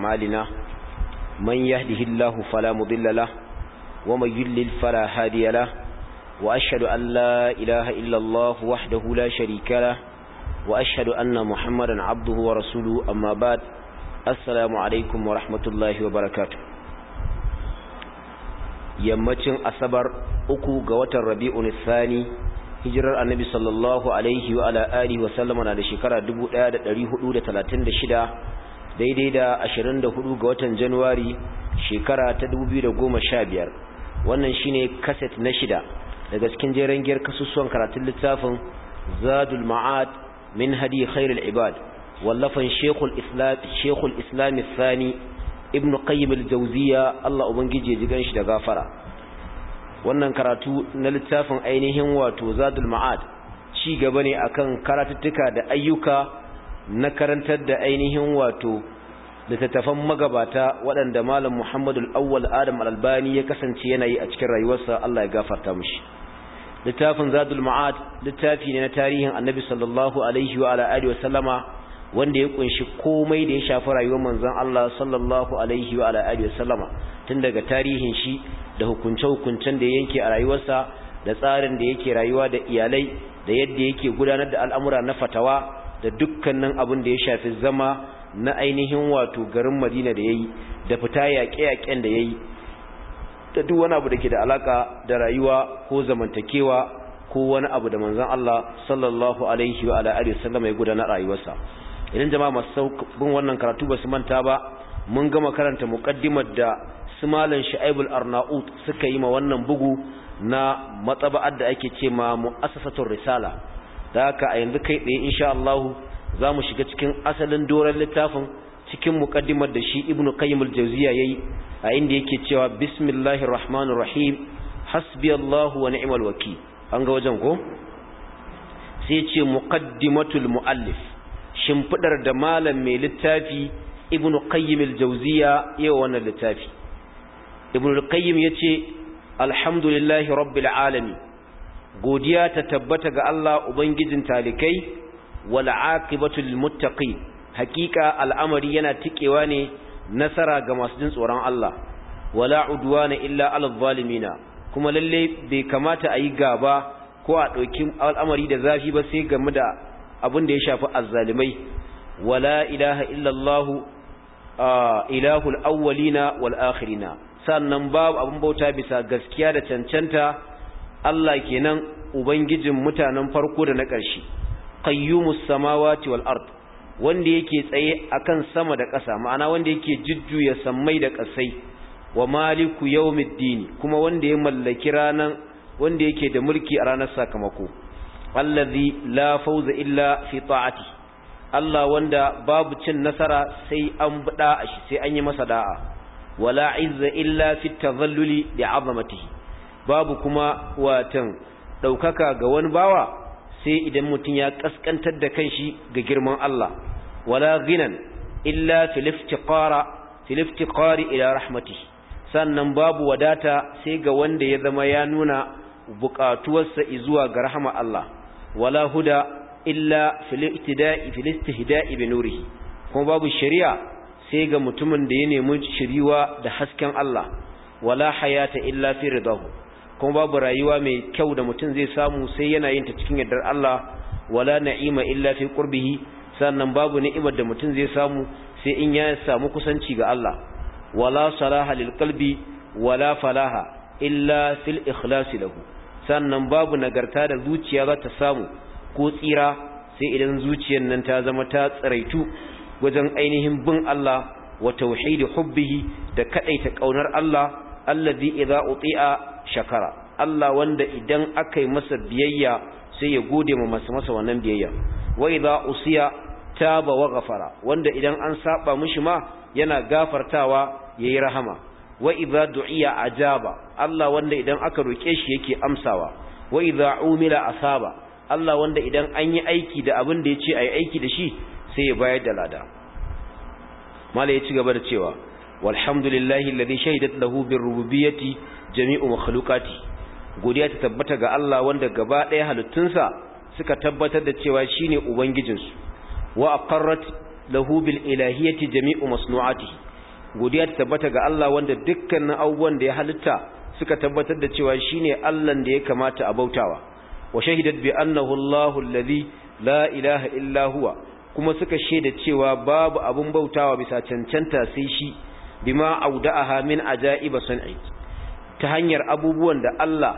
مالنا من يهده الله فلا مضل له ومن يلل فلا هادي له وأشهد أن لا إله إلا الله وحده لا شريك له وأشهد أن محمدا عبده ورسوله أما بعد السلام عليكم ورحمة الله وبركاته yammacin asabar uku ga watan rabi'un Sani hijirar annabi sallallahu alaihi wa ala alihi wa sallama na da shekara 1436 daidai da 24 ga watan Januwari shekara ta 2015 wannan shine kaset na shida daga cikin jeren giyar kasusuwan karatun littafin Zadul Ma'ad min hadi khairul ibad wallafan Shekul Islam Sheikhul Islam Thani Ibn Qayyim al Allah ubangije jigan shi da gafara wannan karatu na littafin ainihin wato Zadul Ma'ad ci gaba ne akan karatuttuka da ayyuka na karantar da ainihin wato littattafan magabata waɗanda malam muhammadul awwal adam al-albani ya kasance yana yi a cikin rayuwarsa Allah ya gafarta mishi littafin zadul ma'ad littafi ne na tarihin annabi sallallahu alaihi wa wa sallama wanda ya kunshi komai da ya shafi rayuwar manzon Allah sallallahu alaihi wa wa sallama tun daga tarihin shi da hukunce-hukuncen da yanke a rayuwarsa da tsarin da yake rayuwa da iyalai da yadda yake gudanar da al'amura na fatawa da dukkanin abin da ya shafi zama na ainihin wato garin madina da ya yi da fita yaƙe-yaƙen da ya yi da duk wani abu da ke da alaƙa da rayuwa ko zamantakewa ko wani abu da manzan Allah sallallahu alaihi wa ala'ari sallama ya gudanar rayuwarsa idan jama'a masu bin wannan karatu ba su manta ba mun gama karanta muƙaddimar da su malam sha'ibul arnaut suka yi ma wannan bugu na matsaba'ar da ake ce ma mu'assasatul risala da haka a yanzu kai ɗaya insha Allah za mu shiga cikin asalin doron littafin cikin muqaddimar da shi ibn qayyim jawziya yayi a inda yake cewa bismillahir rahmanir rahim hasbiyallahu wa ni'mal wakeel an ga wajen ko sai ce muqaddimatul muallif shimfidar da malam mai littafi ibn qayyim al-jawziya yayi wannan littafi ibn qayyim yace alhamdulillahi rabbil alamin godiya ta tabbata ga Allah ubangijin talikai wal aqibatu lil muttaqin Hakika al'amari yana tikewa ne nasara ga masu jin tsoron Allah wala udwana illa alal zalimina kuma lalle bai kamata a yi gaba ko a ɗauki al'amari da zafi ba sai game da abin da ya shafi azzalimai wala ilaha illallah ilahul awwalina wal akhirina sannan babu abin bauta bisa gaskiya da cancanta Allah kenan ubangijin mutanen farko da na ƙarshe qayyumus samawati wal ard wanda yake tsaye a kan sama da ƙasa ma'ana wanda yake jujjuya sammai da ƙasai wa maliku middini kuma wanda ya mallaki ranan wanda yake da mulki a ranar sakamako allazi la fawza illa fi ta'ati Allah wanda babu cin nasara sai an bada shi sai an yi masa da'a wala izza illa fi tazalluli bi 'azamatihi babu kuma watan ɗaukaka ga wani bawa sai idan mutum ya ƙasƙantar da kanshi ga girman Allah wala ghinan illa fil iftiqara ila sannan babu wadata sai ga wanda ya zama ya nuna buƙatuwarsa izuwa ga rahama Allah wala huda illa fil ittida'i bi nurihi kuma babu shari'a sai ga mutumin da ya nemi shiriwa da hasken Allah wala hayata illa fi ridahu kuma babu rayuwa mai kyau da mutum zai samu sai yana yin ta cikin yardar Allah wala na'ima illa fi qurbihi sannan babu ni'imar da mutum zai samu sai in ya samu kusanci ga Allah wala salaha lil qalbi wala falaha illa fil ikhlasi lahu sannan babu nagarta da zuciya za ta samu ko tsira sai idan zuciyar nan ta zama ta tsiraitu wajen ainihin bin Allah wa tauhidi hubbihi da kadaita kaunar Allah allazi idza uti'a shakara Allah wanda idan aka masa biyayya sai ya gode ma masa masa wannan biyayya wa idza usiya taba wa ghafara wanda idan an saba mishi ma yana gafartawa yayi rahama wa idza du'iya ajaba Allah wanda idan aka roke shi yake amsawa wa idza umila asaba Allah wanda idan an yi aiki da abin da yace ayi aiki da shi sai ya bayar da lada mallai ya ci gaba da cewa walhamdulillahi alladhi shahidat lahu birububiyyati jami'u makhluqati godiya ta tabbata ga Allah wanda gaba ɗaya halittunsa suka tabbatar da cewa shine ubangijinsu wa aqarrat lahu bil jami'u masnu'atihi godiya ta tabbata ga Allah wanda dukkanin abubuwan da ya halitta suka tabbatar da cewa shine Allah da ya kamata a bautawa wa shahidat bi annahu Allahu alladhi la ilaha illa huwa kuma suka shaida cewa babu abun bautawa bisa cancanta sai shi bima auda'aha min ajaiba san'i ta hanyar abubuwan da Allah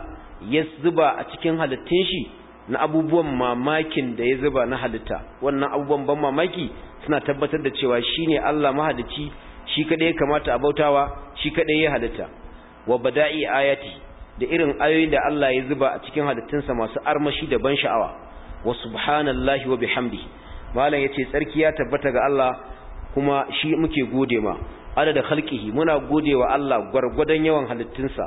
ya zuba a cikin halittun shi na abubuwan mamakin da ya zuba na halitta wannan abubuwan ban mamaki suna tabbatar da cewa shine Allah mahalicci, shi kaɗai ya kamata a bautawa shi kaɗai ya halitta wa bada'i ayati da irin ayoyin da Allah ya zuba a cikin sa masu armashi da ban sha'awa wa subhanallahi wa bihamdi malam yace tsarki ya tabbata ga Allah kuma shi muke gode ma adada khalqihi muna godewa Allah gwargwadon yawan halittunsa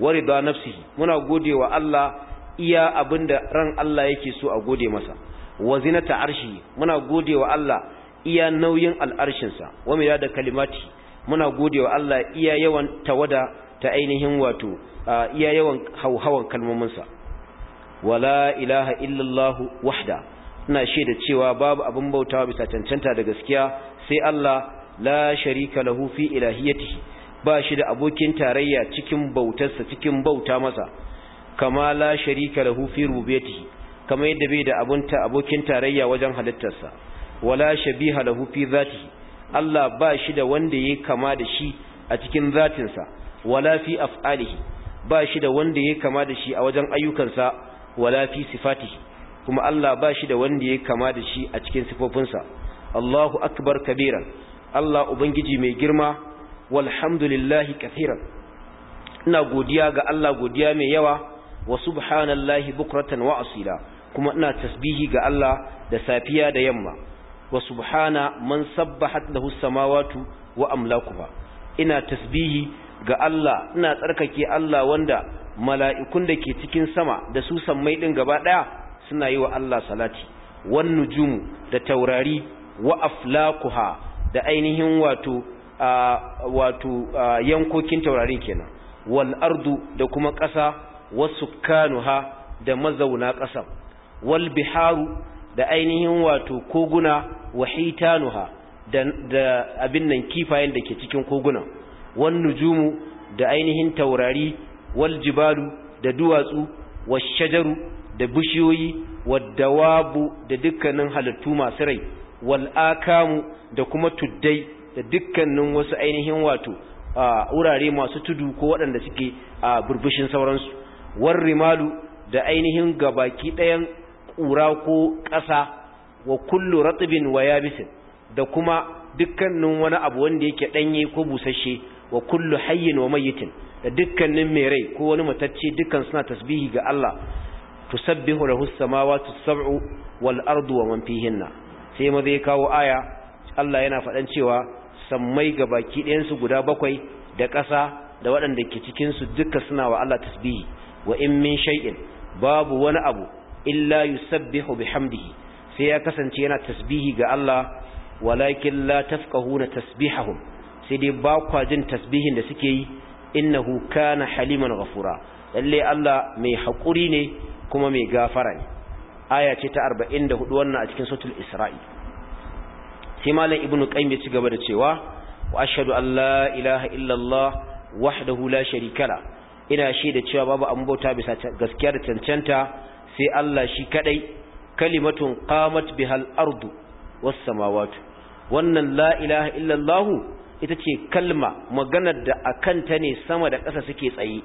wa rida nafsihi muna godewa Allah iya abinda ran Allah yake so a gode masa wa zinata arshi muna godewa Allah iya nauyin al'arshinsa wa mira da kalimati muna godewa Allah iya yawan tawada ta ainihin wato iya yawan hauhawan kalmominsa wala ilaha illallah wahda ina shaida cewa babu abin bautawa bisa cancanta da gaskiya sai Allah la sharika lahu fi ilahiyatihi ba shi da abokin tarayya cikin bautarsa cikin bauta masa kama la sharika lahu fi rububiyatihi kama yadda bai da abunta abokin tarayya wajen halittarsa wala shabiha lahu fi zatihi Allah ba shi da wanda yake kama da shi a cikin zatinsa wala fi af'alihi ba shi da wanda yake kama da shi a wajen ayyukansa wala fi sifatihi kuma Allah ba shi da wanda yake kama da shi a cikin sifofinsa Allahu akbar kabiran Allah ubangiji mai girma walhamdulillahi kafiran ina godiya ga Allah godiya mai yawa wa subhanallahi bukratan wa asila kuma ina tasbihi ga Allah da safiya da yamma wa subhana man sabbahat lahu samawati wa amlakuha ina tasbihi ga Allah ina tsarkake Allah wanda mala'ikun da ke cikin sama da su sammai din gaba ɗaya suna yi wa Allah salati wan nujumu da taurari wa aflakuha da ainihin wato wato yankokin taurarin kenan wal ardu da kuma ƙasa wasu kanuha da mazauna ƙasa wal biharu da ainihin wato koguna wahitanuha da, da abin nan kifayen da ke cikin koguna wan nujumu da ainihin taurari wal jibalu da duwatsu washajaru da bishiyoyi wad dawabu da dukkanin halittu masu rai wal akamu da kuma tuddai da dukkanin wasu ainihin wato a wurare masu tudu ko waɗanda suke a burbushin sauransu war rimalu da ainihin gabaki ɗayan ƙura ko ƙasa wa kullu ratibin wa yabisin da kuma dukkanin wani abu wanda yake ɗanye ko busasshe wa kullu hayyin wa mayyitin da dukkanin mai rai ko wani matacce dukkan suna tasbihi ga Allah tusabbihu lahu samawati sab'u wal ardu wa man fihinna sai maza ya kawo aya Allah yana faɗan cewa sammai ga baki ɗayansu guda bakwai da ƙasa da waɗanda ke cikinsu duka suna wa Allah tasbihi wa in min shay'in babu wani abu illa yusabbihu bihamdihi sai ya kasance yana tasbihi ga Allah walakin la tafqahuna tasbihahum sai dai ba kwa jin tasbihin da suke yi innahu kana haliman ghafura lalle Allah mai haƙuri ne kuma mai gafara ne aya ce ta 44 wannan a cikin suratul isra'i sai malam ibnu qayyim ya ci gaba da cewa wa ashhadu an la ilaha illallah wahdahu la sharika la ina shaida cewa babu an bauta bisa gaskiya da cancanta sai Allah shi kadai kalimatun qamat bihal ardu was samawati wannan la ilaha illallah ita ce kalma maganar da akan ta ne sama da ƙasa suke tsaye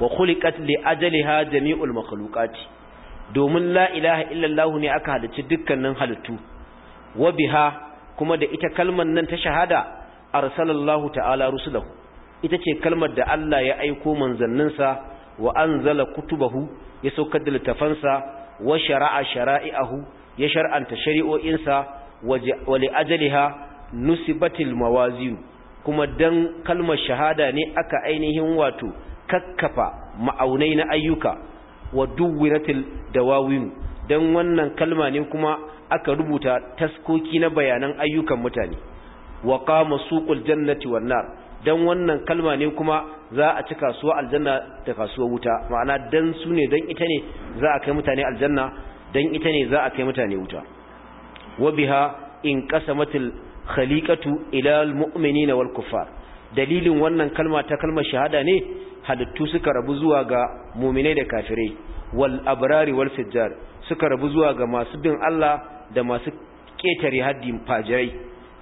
wa khuliqat li ajaliha jami'ul makhluqati domin la ilaha illallah ne aka halicci dukkanin halittu wa biha kuma da ita kalmar nan ta shahada arsalallahu ta'ala rusulahu ita ce kalmar da Allah ya aiko manzanninsa wa anzala kutubahu ya saukar da littafansa wa shara'a shara'i'ahu ya shar'anta shari'o'insa wa li'ajaliha nusibatil mawaziyu kuma dan kalmar shahada ne aka ainihin wato kakkafa ma'aunai na ayyuka wa duwwiratil dawawin dan wannan kalma ne kuma aka rubuta taskoki na bayanan ayyukan mutane wa qama suqul jannati wan nar dan wannan kalma ne kuma za a ci kasuwa aljanna da kasuwa wuta ma'ana dan su ne dan ita ne za a kai mutane aljanna dan ita ne za a kai mutane wuta wa biha in qasamatil khaliqatu ila mu'minina wal kuffar dalilin wannan kalma ta kalmar shahada ne halittu suka rabu zuwa ga mu'minai da kafirai wal abrari wal fujjar suka rabu zuwa ga masu bin Allah da masu ƙetare haddin fajirai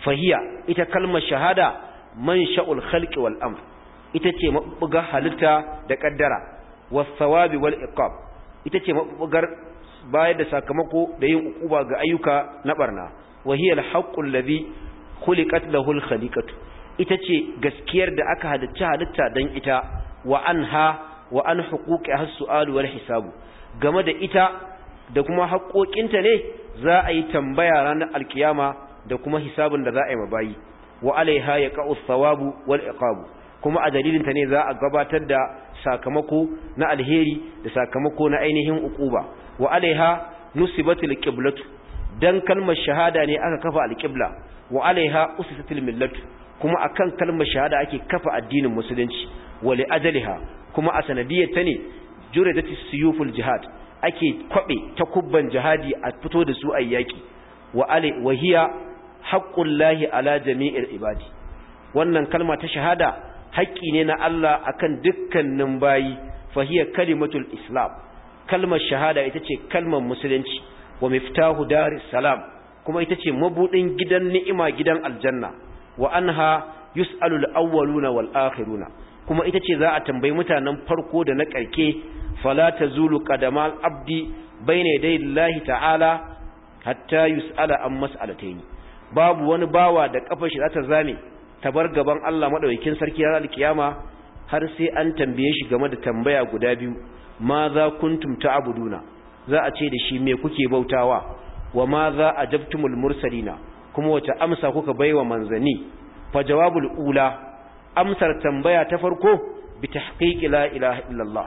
fahiya ita kalmar shahada man sha'ul khalqi wal amr ita ce mabugar halitta da kaddara was sawabi wal iqab ita ce mabugar bayar da sakamako da yin ukuba ga ayyuka na barna wa hiya al haqqul ladhi khuliqat lahu al khaliqatu ita ce gaskiyar da aka halicci halitta dan ita wa anha wa an huquqi as-su'al wal hisabu game da ita da kuma haƙoƙinta ne za a yi tambaya ranar alkiyama da kuma hisabin da za a yi mabayi wa alaiha ya ka'u thawabu wal iqabu kuma a dalilinta ne za a gabatar da sakamako na alheri da sakamako na ainihin uquba wa alaiha nusibatul qiblatu dan kalmar shahada ne aka kafa alqibla wa alaiha usisatul millatu kuma akan kalmar shahada ake kafa addinin musulunci wa li ajaliha kuma a sanadiyar ta ne juridati suyuful jihad ake kwaɓe ta kubban jihadi a fito da su a yaƙi wa ale wahiya haƙƙullahi ala jami'ir ibadi wannan kalma ta shahada haƙƙi ne na Allah akan dukkanin bayi fahiya kalimatul islam kalmar shahada ita ce kalmar musulunci wa miftahu daris salam kuma ita ce mabudin gidan ni'ima gidan aljanna wa anha yus'alul awwaluna wal akhiruna kuma ita ce za a tambayi mutanen farko da na ƙarke fala Zulu, qadamal abdi bayna yaday ta'ala hatta yus'ala an yi. babu wani bawa da kafar shi za ta zame ta bar gaban Allah maɗaukin sarki ranar alkiyama har sai an tambaye shi game da tambaya guda biyu ma za kuntum ta'buduna za a ce da shi me kuke bautawa wa ma za ajabtumul mursalina kuma wace amsa kuka baiwa manzani fa jawabul ula amsar tambaya ta farko bi tahqiqi la ilaha illallah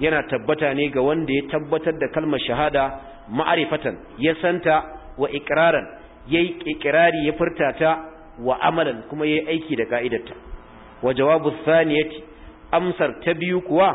yana tabbata ne ga wanda ya tabbatar da kalmar shahada ma'arifatan ya santa wa iqraran yayi iqrari ya furta ta wa amalan kuma yayi aiki da ka'idarta wa jawabu thaniyati amsar ta biyu kuwa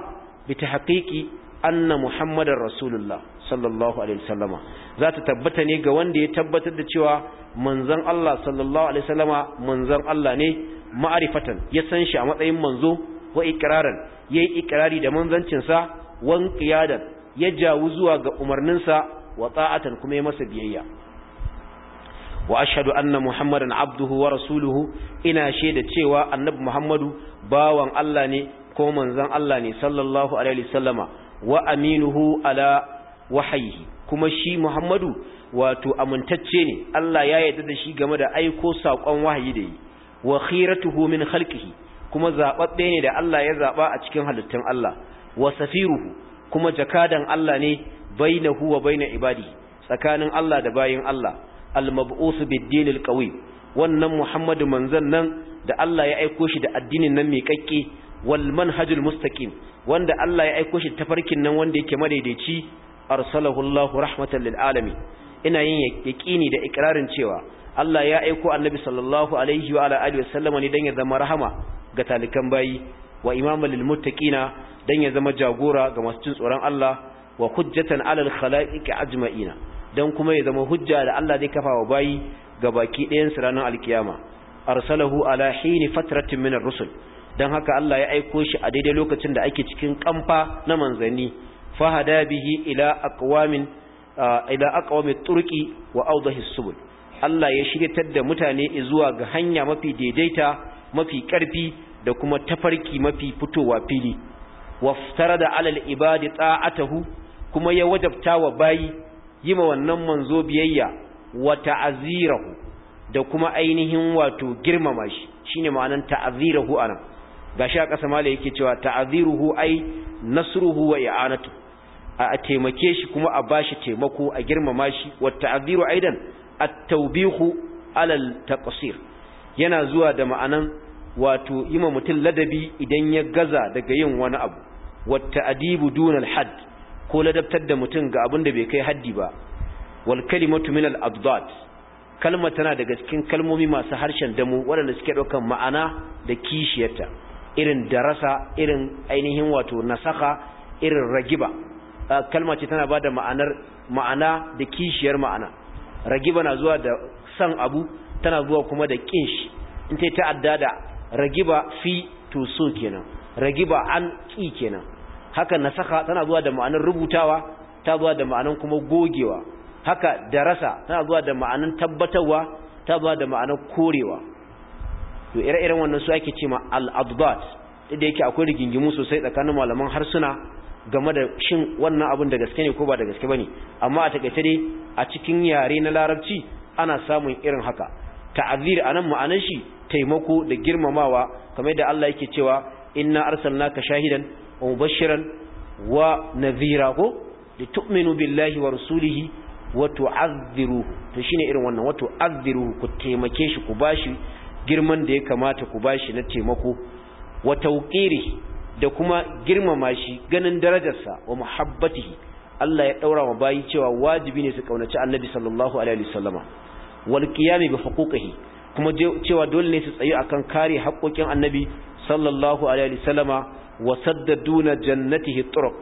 bi tahqiqi anna muhammadar rasulullah sallallahu alaihi wasallama za ta tabbata ne ga wanda ya tabbatar da cewa manzon Allah sallallahu alaihi wasallama manzon Allah ne ma'arifatan ya san shi a matsayin manzo wa ikraran yayi ikrari da manzancinsa sa wan qiyadan ya jawu zuwa ga umarninsa sa wa ta'atan kuma ya masa biyayya wa ashhadu anna muhammadan abduhu wa rasuluhu ina shaida cewa annabi muhammadu bawan Allah ne ko manzan Allah ne sallallahu alaihi wasallama wa aminuhu ala wahayi kuma shi muhammadu wato amintacce ne Allah ya yarda da shi game da aiko saƙon wahayi da yi wa khiratuhu min khalqihi kuma zababbe ne da Allah ya zaba a cikin halittun Allah wa safiruhu kuma jakadan Allah ne bainahu wa baina ibadi tsakanin Allah da bayin Allah al-mab'us bid-din qawi wannan Muhammadu manzon nan da Allah ya aiko shi da addinin nan mai kakke wal manhajul mustaqim wanda Allah ya aiko shi tafarkin nan wanda yake madaidaici arsalahu Allahu rahmatan lil alamin ina yin yaqini da ikrarin cewa Allah ya aiko annabi sallallahu alaihi wa alihi wasallama ne dan ya zama rahama ga talikan bayi wa imaman lil muttaqina dan ya zama jagora ga masu cin tsoron Allah wa hujjatan alal khalaiqi ajma'ina dan kuma ya zama hujja da Allah zai kafa wa bayi ga baki ɗayan su ranar alkiyama arsalahu ala hini fatratin min ar-rusul dan haka Allah ya aiko shi a daidai lokacin da ake cikin kamfa na manzanni fahada bihi ila aqwamin ila aqwamit turqi wa awdahi subul Allah ya shiryatar da mutane zuwa ga hanya mafi daidaita mafi ƙarfi da kuma tafarki mafi fitowa fili waftara da alal ibadi ta'atahu kuma ya wajabta wa bayi yi ma wannan manzo biyayya wa ta'azirahu da kuma ainihin wato girmama shi shine ma'anan ta'azirahu anan gashi a kasa mala yake cewa ta'ziruhu ai nasruhu wa i'anatu a taimake shi kuma a bashi taimako a girmama shi wa ta'aziru aidan attaubihu alal taqsir yana zuwa da ma'anan wato yima mutum ladabi idan ya gaza daga yin wani abu wa ta'dibu dunal hadd ko ladabtar da mutum ga abin da bai kai haddi ba wal kalimatu min al-abdat kalma tana daga cikin kalmomi masu harshen damu waɗanda suke ɗaukar ma'ana da kishiyarta irin darasa irin ainihin wato nasaka irin ragiba kalma ce tana da ma'anar ma'ana da kishiyar ma'ana ragiba na zuwa da san abu tana zuwa kuma da kin in ta ta'adda da ragiba fi to so kenan ragiba an ki kenan haka nasaha tana zuwa da ma'anar rubutawa ta zuwa da ma'anar kuma gogewa haka darasa tana zuwa da ma'anar tabbatarwa ta zuwa da ma'anar korewa to ire-iren wannan su ake cewa al-adbat da yake akwai rigingimu sosai tsakanin malaman harsuna game da shin wannan abin da gaske ne ko ba da gaske ba ne amma a takaice dai a cikin yare na larabci ana samun irin haka ta'azir anan ma'anar shi taimako da girmamawa kamar da Allah yake cewa inna arsalnaka shahidan wa mubashiran wa nadhira ko tu'minu billahi wa rasulihi wa tu'azziru to shine irin wannan wato tu'azziruhu ku taimake shi ku bashi girman da ya kamata ku bashi na taimako wa tawqiri da kuma girmama shi ganin darajarsa wa muhabbatihi Allah ya daura wa bayi cewa wajibi ne su kaunaci Annabi sallallahu alaihi wasallama wal qiyam bi huquqihi kuma cewa dole ne su tsayi akan kare haƙoƙin Annabi sallallahu alaihi wasallama wa saddaduna jannatihi turuq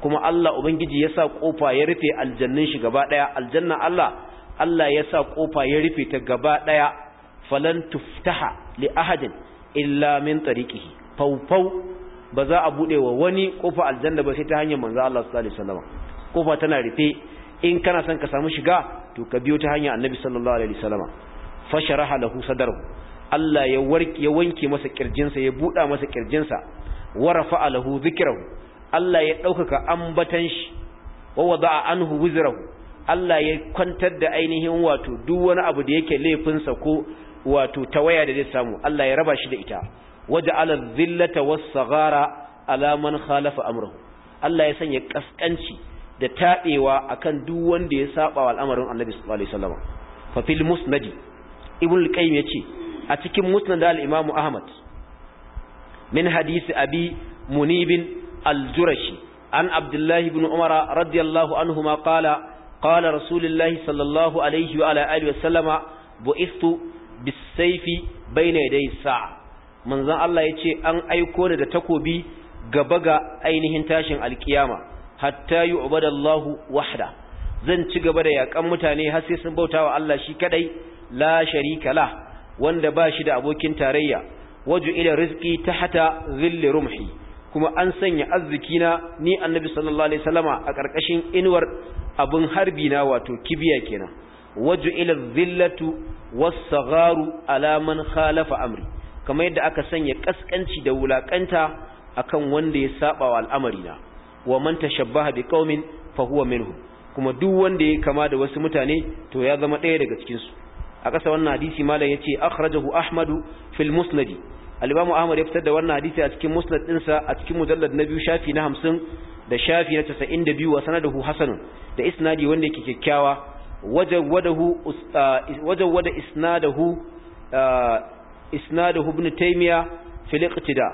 kuma Allah ubangiji ya sa kofa ya rufe aljannin shi gaba daya aljanna Allah Allah ya sa kofa ya rufe ta gaba daya falan tuftaha li ahadin illa min tariqihi fawfaw ba za a bude wa wani kofa aljanna ba sai ta hanyar manzo Allah sallallahu alaihi wasallam kofa tana rufe in kana son ka samu shiga to ka biyo ta hanyar annabi sallallahu alaihi wasallam fasharaha lahu Allah ya ya wanke masa kirjinsa ya buda masa kirjinsa wa rafa'a lahu dhikrahu Allah ya daukaka ambatan shi wa wada'a anhu wizrahu Allah ya kwantar da ainihin wato duk wani abu da yake laifinsa ko wato tawaya da zai samu Allah ya raba shi da ita waja'ala dhillata was-saghara ala man khalafa amrahu Allah ya sanya kaskanci da tabewa akan duk wanda ya saba wa al'amarin Annabi sallallahu alaihi wasallam fa fil musnad ibn al-qayyim yace a cikin musnad al-imam Ahmad min hadisi abi munib al-jurashi an abdullahi ibn umar radiyallahu anhuma qala qala rasulullahi sallallahu alaihi wa ala alihi wasallama bu'istu bis-sayfi bayna yaday sa'a manzon Allah ya ce an aiko ni da takobi gaba ga ainihin tashin alkiyama hatta yu'badallahu wahda zan ci gaba da yakan mutane har sai sun bautawa Allah shi kadai la sharika la wanda ba shi da abokin tarayya waju ila rizqi tahta dhilli rumhi kuma an sanya arzikina ni annabi sallallahu alaihi wasallama a karkashin inuwar abun harbi na wato kibiya kenan waju ila dhillatu was-sagharu ala man khalafa amri kamar yadda aka sanya kaskanci da wulakanta akan wanda ya saba wa al'amarina wa man tashabbaha biqaumin fa huwa minhum kuma duk wanda ya kama da wasu mutane to ya zama ɗaya daga cikin su a ƙasa wannan hadisi malam yace akhrajahu ahmadu fil musnad al-imam ahmad ya fitar da wannan hadisi a cikin musnad dinsa a cikin mujallad na biyu shafi na 50 da shafi na 92 wa sanadahu hasanun da isnadi wanda yake kyakkyawa wajawadahu uh, wajawada isnadahu uh, isnaduhu ibn taymiya fil iqtida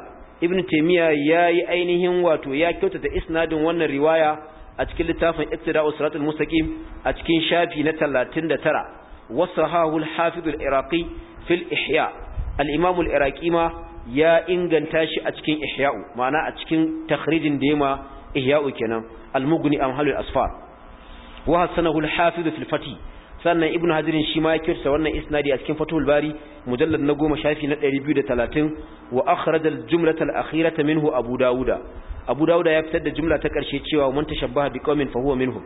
ibn taymiya yayi ainihin wato ya kyautata isnadin wannan riwaya a cikin littafin iqtida usratul mustaqim a cikin shafi na 39 wasahahu al-hafiz al-iraqi fil ihya al-imam al-iraqi ma ya inganta shi a cikin ihya'u ma'ana a cikin takhrijin da yema ihya'u kenan al-mughni am halul asfar wa hasanahu al-hafiz fil fatih sannan ibnu hajirin shi ma ya kirsa wannan isnadi a cikin fatul bari mujallad na goma shafi na 230 wa akhraj jumlatal jumlata al akhirata minhu abu dauda abu dauda ya fitar da jumla ta karshe cewa man tashabbaha biqaumin fa huwa minhum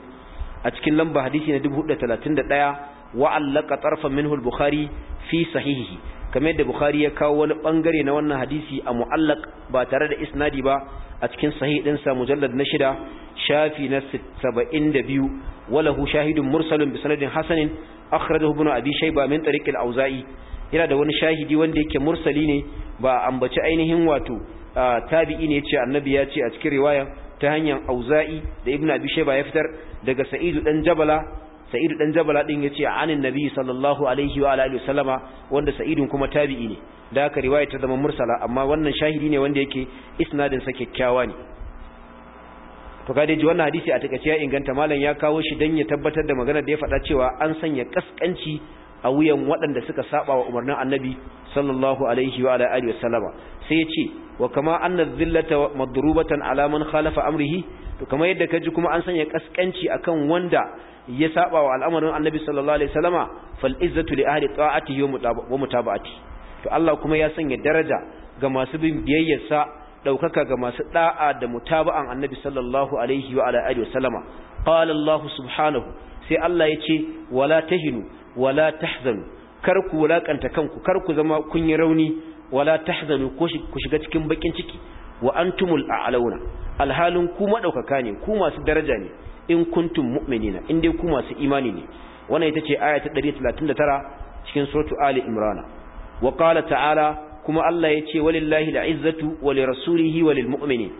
a cikin lamba hadisi na 431 wa allaka tarfan minhu al bukhari fi sahihihi kamar yadda bukhari ya kawo wani bangare na wannan hadisi a mu'allaq ba tare da isnadi ba a cikin sahih din sa mujallad na shida shafi na 72 walahu shahidun mursalun bi sanadin hasanin akhrajahu ibn abi shayba min tariq al-auza'i yana da wani shahidi wanda yake mursali ne ba ambaci ainihin wato tabi'i ne yace annabi ya ce a cikin riwaya ta hanyar auza'i da ibn abi shayba ya fitar daga sa'idu dan jabala sa'idu dan jabala din yace anin nabi sallallahu alaihi wa alihi wasallama wanda sa'idun kuma tabi'i ne da ka riwaya ta zama mursala amma wannan shahidi ne wanda yake isnadin sa kyakkyawa ne to ga dai wannan hadisi a takaice ya inganta malam ya kawo shi dan ya tabbatar da magana da ya faɗa cewa an sanya kaskanci a wuyan waɗanda suka saba wa umarnin annabi sallallahu alaihi wa alihi wasallama sai ya ce wa kama anna dhillata madrubatan ala khalafa amrihi to kamar yadda kaji kuma an sanya kaskanci akan wanda ya saba wa al'amarin annabi sallallahu alaihi wasallama fal izzatu li ahli ta'atihi wa mutaba'ati to Allah kuma ya sanya daraja ga masu bin biyayyarsa daukaka ga masu da'a da mutaba'an annabi sallallahu alaihi wa ala alihi qala Allah subhanahu sai Allah ya ce wala tahinu wala tahzanu kar ku wulakanta kanku kar ku zama kun yi rauni wala tahzanu ku shiga cikin bakin ciki wa antumul a'launa alhalin ku madaukaka ne ku masu daraja ne in kuntum mu'minina in dai ku masu imani ne wannan ita ce aya ta 139 cikin suratu ali imran wa qala ta'ala kuma Allah ya ce walillahi al'izzatu wa lirasulihi wa lilmu'minin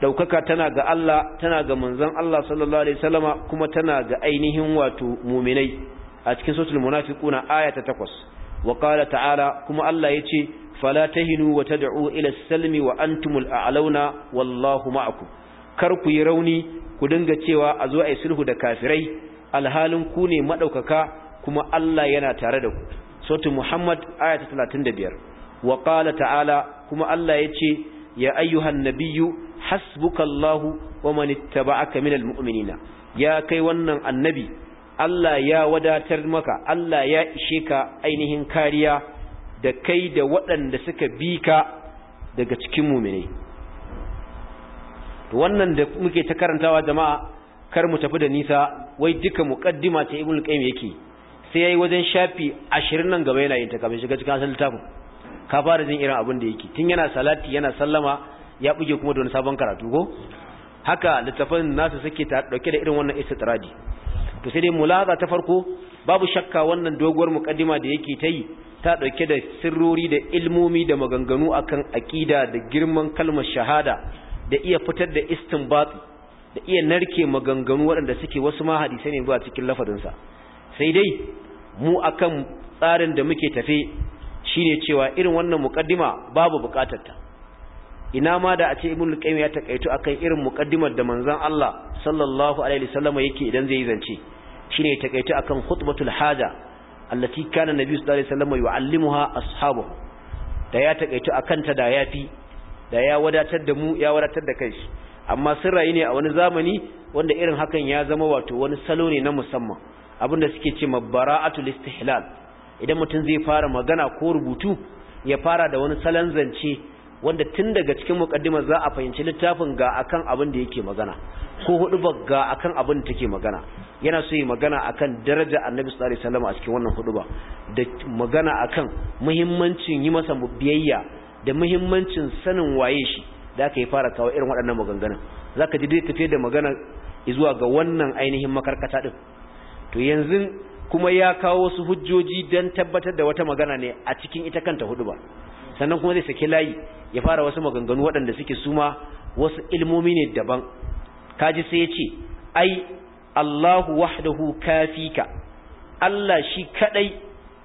daukaka tana ga Allah tana ga manzon Allah sallallahu alaihi wasallama kuma tana ga ainihin wato mu'minai a cikin suratul munafiquna aya ta 8 wa qala ta'ala kuma Allah yace fala tahinu wa tad'u ila salmi wa antumul a'launa wallahu ma'akum kar ku yi rauni ku dinga cewa a zo ai sulhu da kafirai alhalin ku ne maɗaukaka kuma Allah yana tare da ku sautu Muhammad ayata 35 wa qala ta'ala kuma Allah yace ya ayyuhan nabiyyu hasbukallahu wa man ittaba'aka minal mu'minina ya kai wannan annabi Allah ya wadatar maka Allah ya ishe ka ainihin kariya da kai da waɗanda suka bi ka daga cikin mumine wannan da muke ta karantawa jama'a kar mu tafi da nisa wai duka muqaddima ta ibnu qayyim yake sai yayi wajen shafi 20 nan gaba yana yin ta kamar shiga cikin asalin ka fara jin irin abin da yake tun yana salati yana sallama ya buge kuma da wani sabon karatu ko haka littafin nasu suke ta dauke da irin wannan istitradi to sai dai mulaza ta farko babu shakka wannan doguwar muqaddima da yake ta yi ta dauke da sirrori da ilmomi da maganganu akan aqida da girman kalmar shahada da iya fitar da istinbat da iya narke maganganu waɗanda suke wasu ma hadisi ne ba cikin lafadin sa sai dai mu akan tsarin da muke tafe shine cewa irin wannan muqaddima babu ta ina ma da a ce ibn al-qayyim ya takaitu akan irin muqaddimar da manzon Allah sallallahu alaihi wasallam yake idan zai yi zance shine takaita akan khutbatul haja allati kana nabi sallallahu alaihi wasallam yuallimuha ashabahu da ya takaita akan ta da yafi da ya wadatar da mu ya wadatar da kanshi amma sun rayu ne a wani zamani wanda irin hakan ya zama wato wani salo ne na musamman abinda suke ce mabara'atul istihlal idan mutum zai fara magana ko rubutu ya fara da wani salon zance wanda tun daga cikin mukaddima za a fahimci littafin ga akan abin da yake magana ko hudu ga akan abin da take magana yana so yi magana akan daraja annabi sallallahu alaihi wasallam a cikin wannan ba da magana akan muhimmancin yi masa biyayya da muhimmancin sanin waye shi da aka yi fara kawo irin waɗannan maganganun zaka ji dai tafiye da magana zuwa ga wannan ainihin makarkata ɗin to yanzu kuma ya kawo wasu hujjoji don tabbatar da wata magana ne a cikin ita kanta ba sannan kuma zai sake layi ya fara wasu maganganu waɗanda suke suma wasu ilmomi ne daban kaji sai ya ce ai Allahu wahdahu kafika Allah shi kadai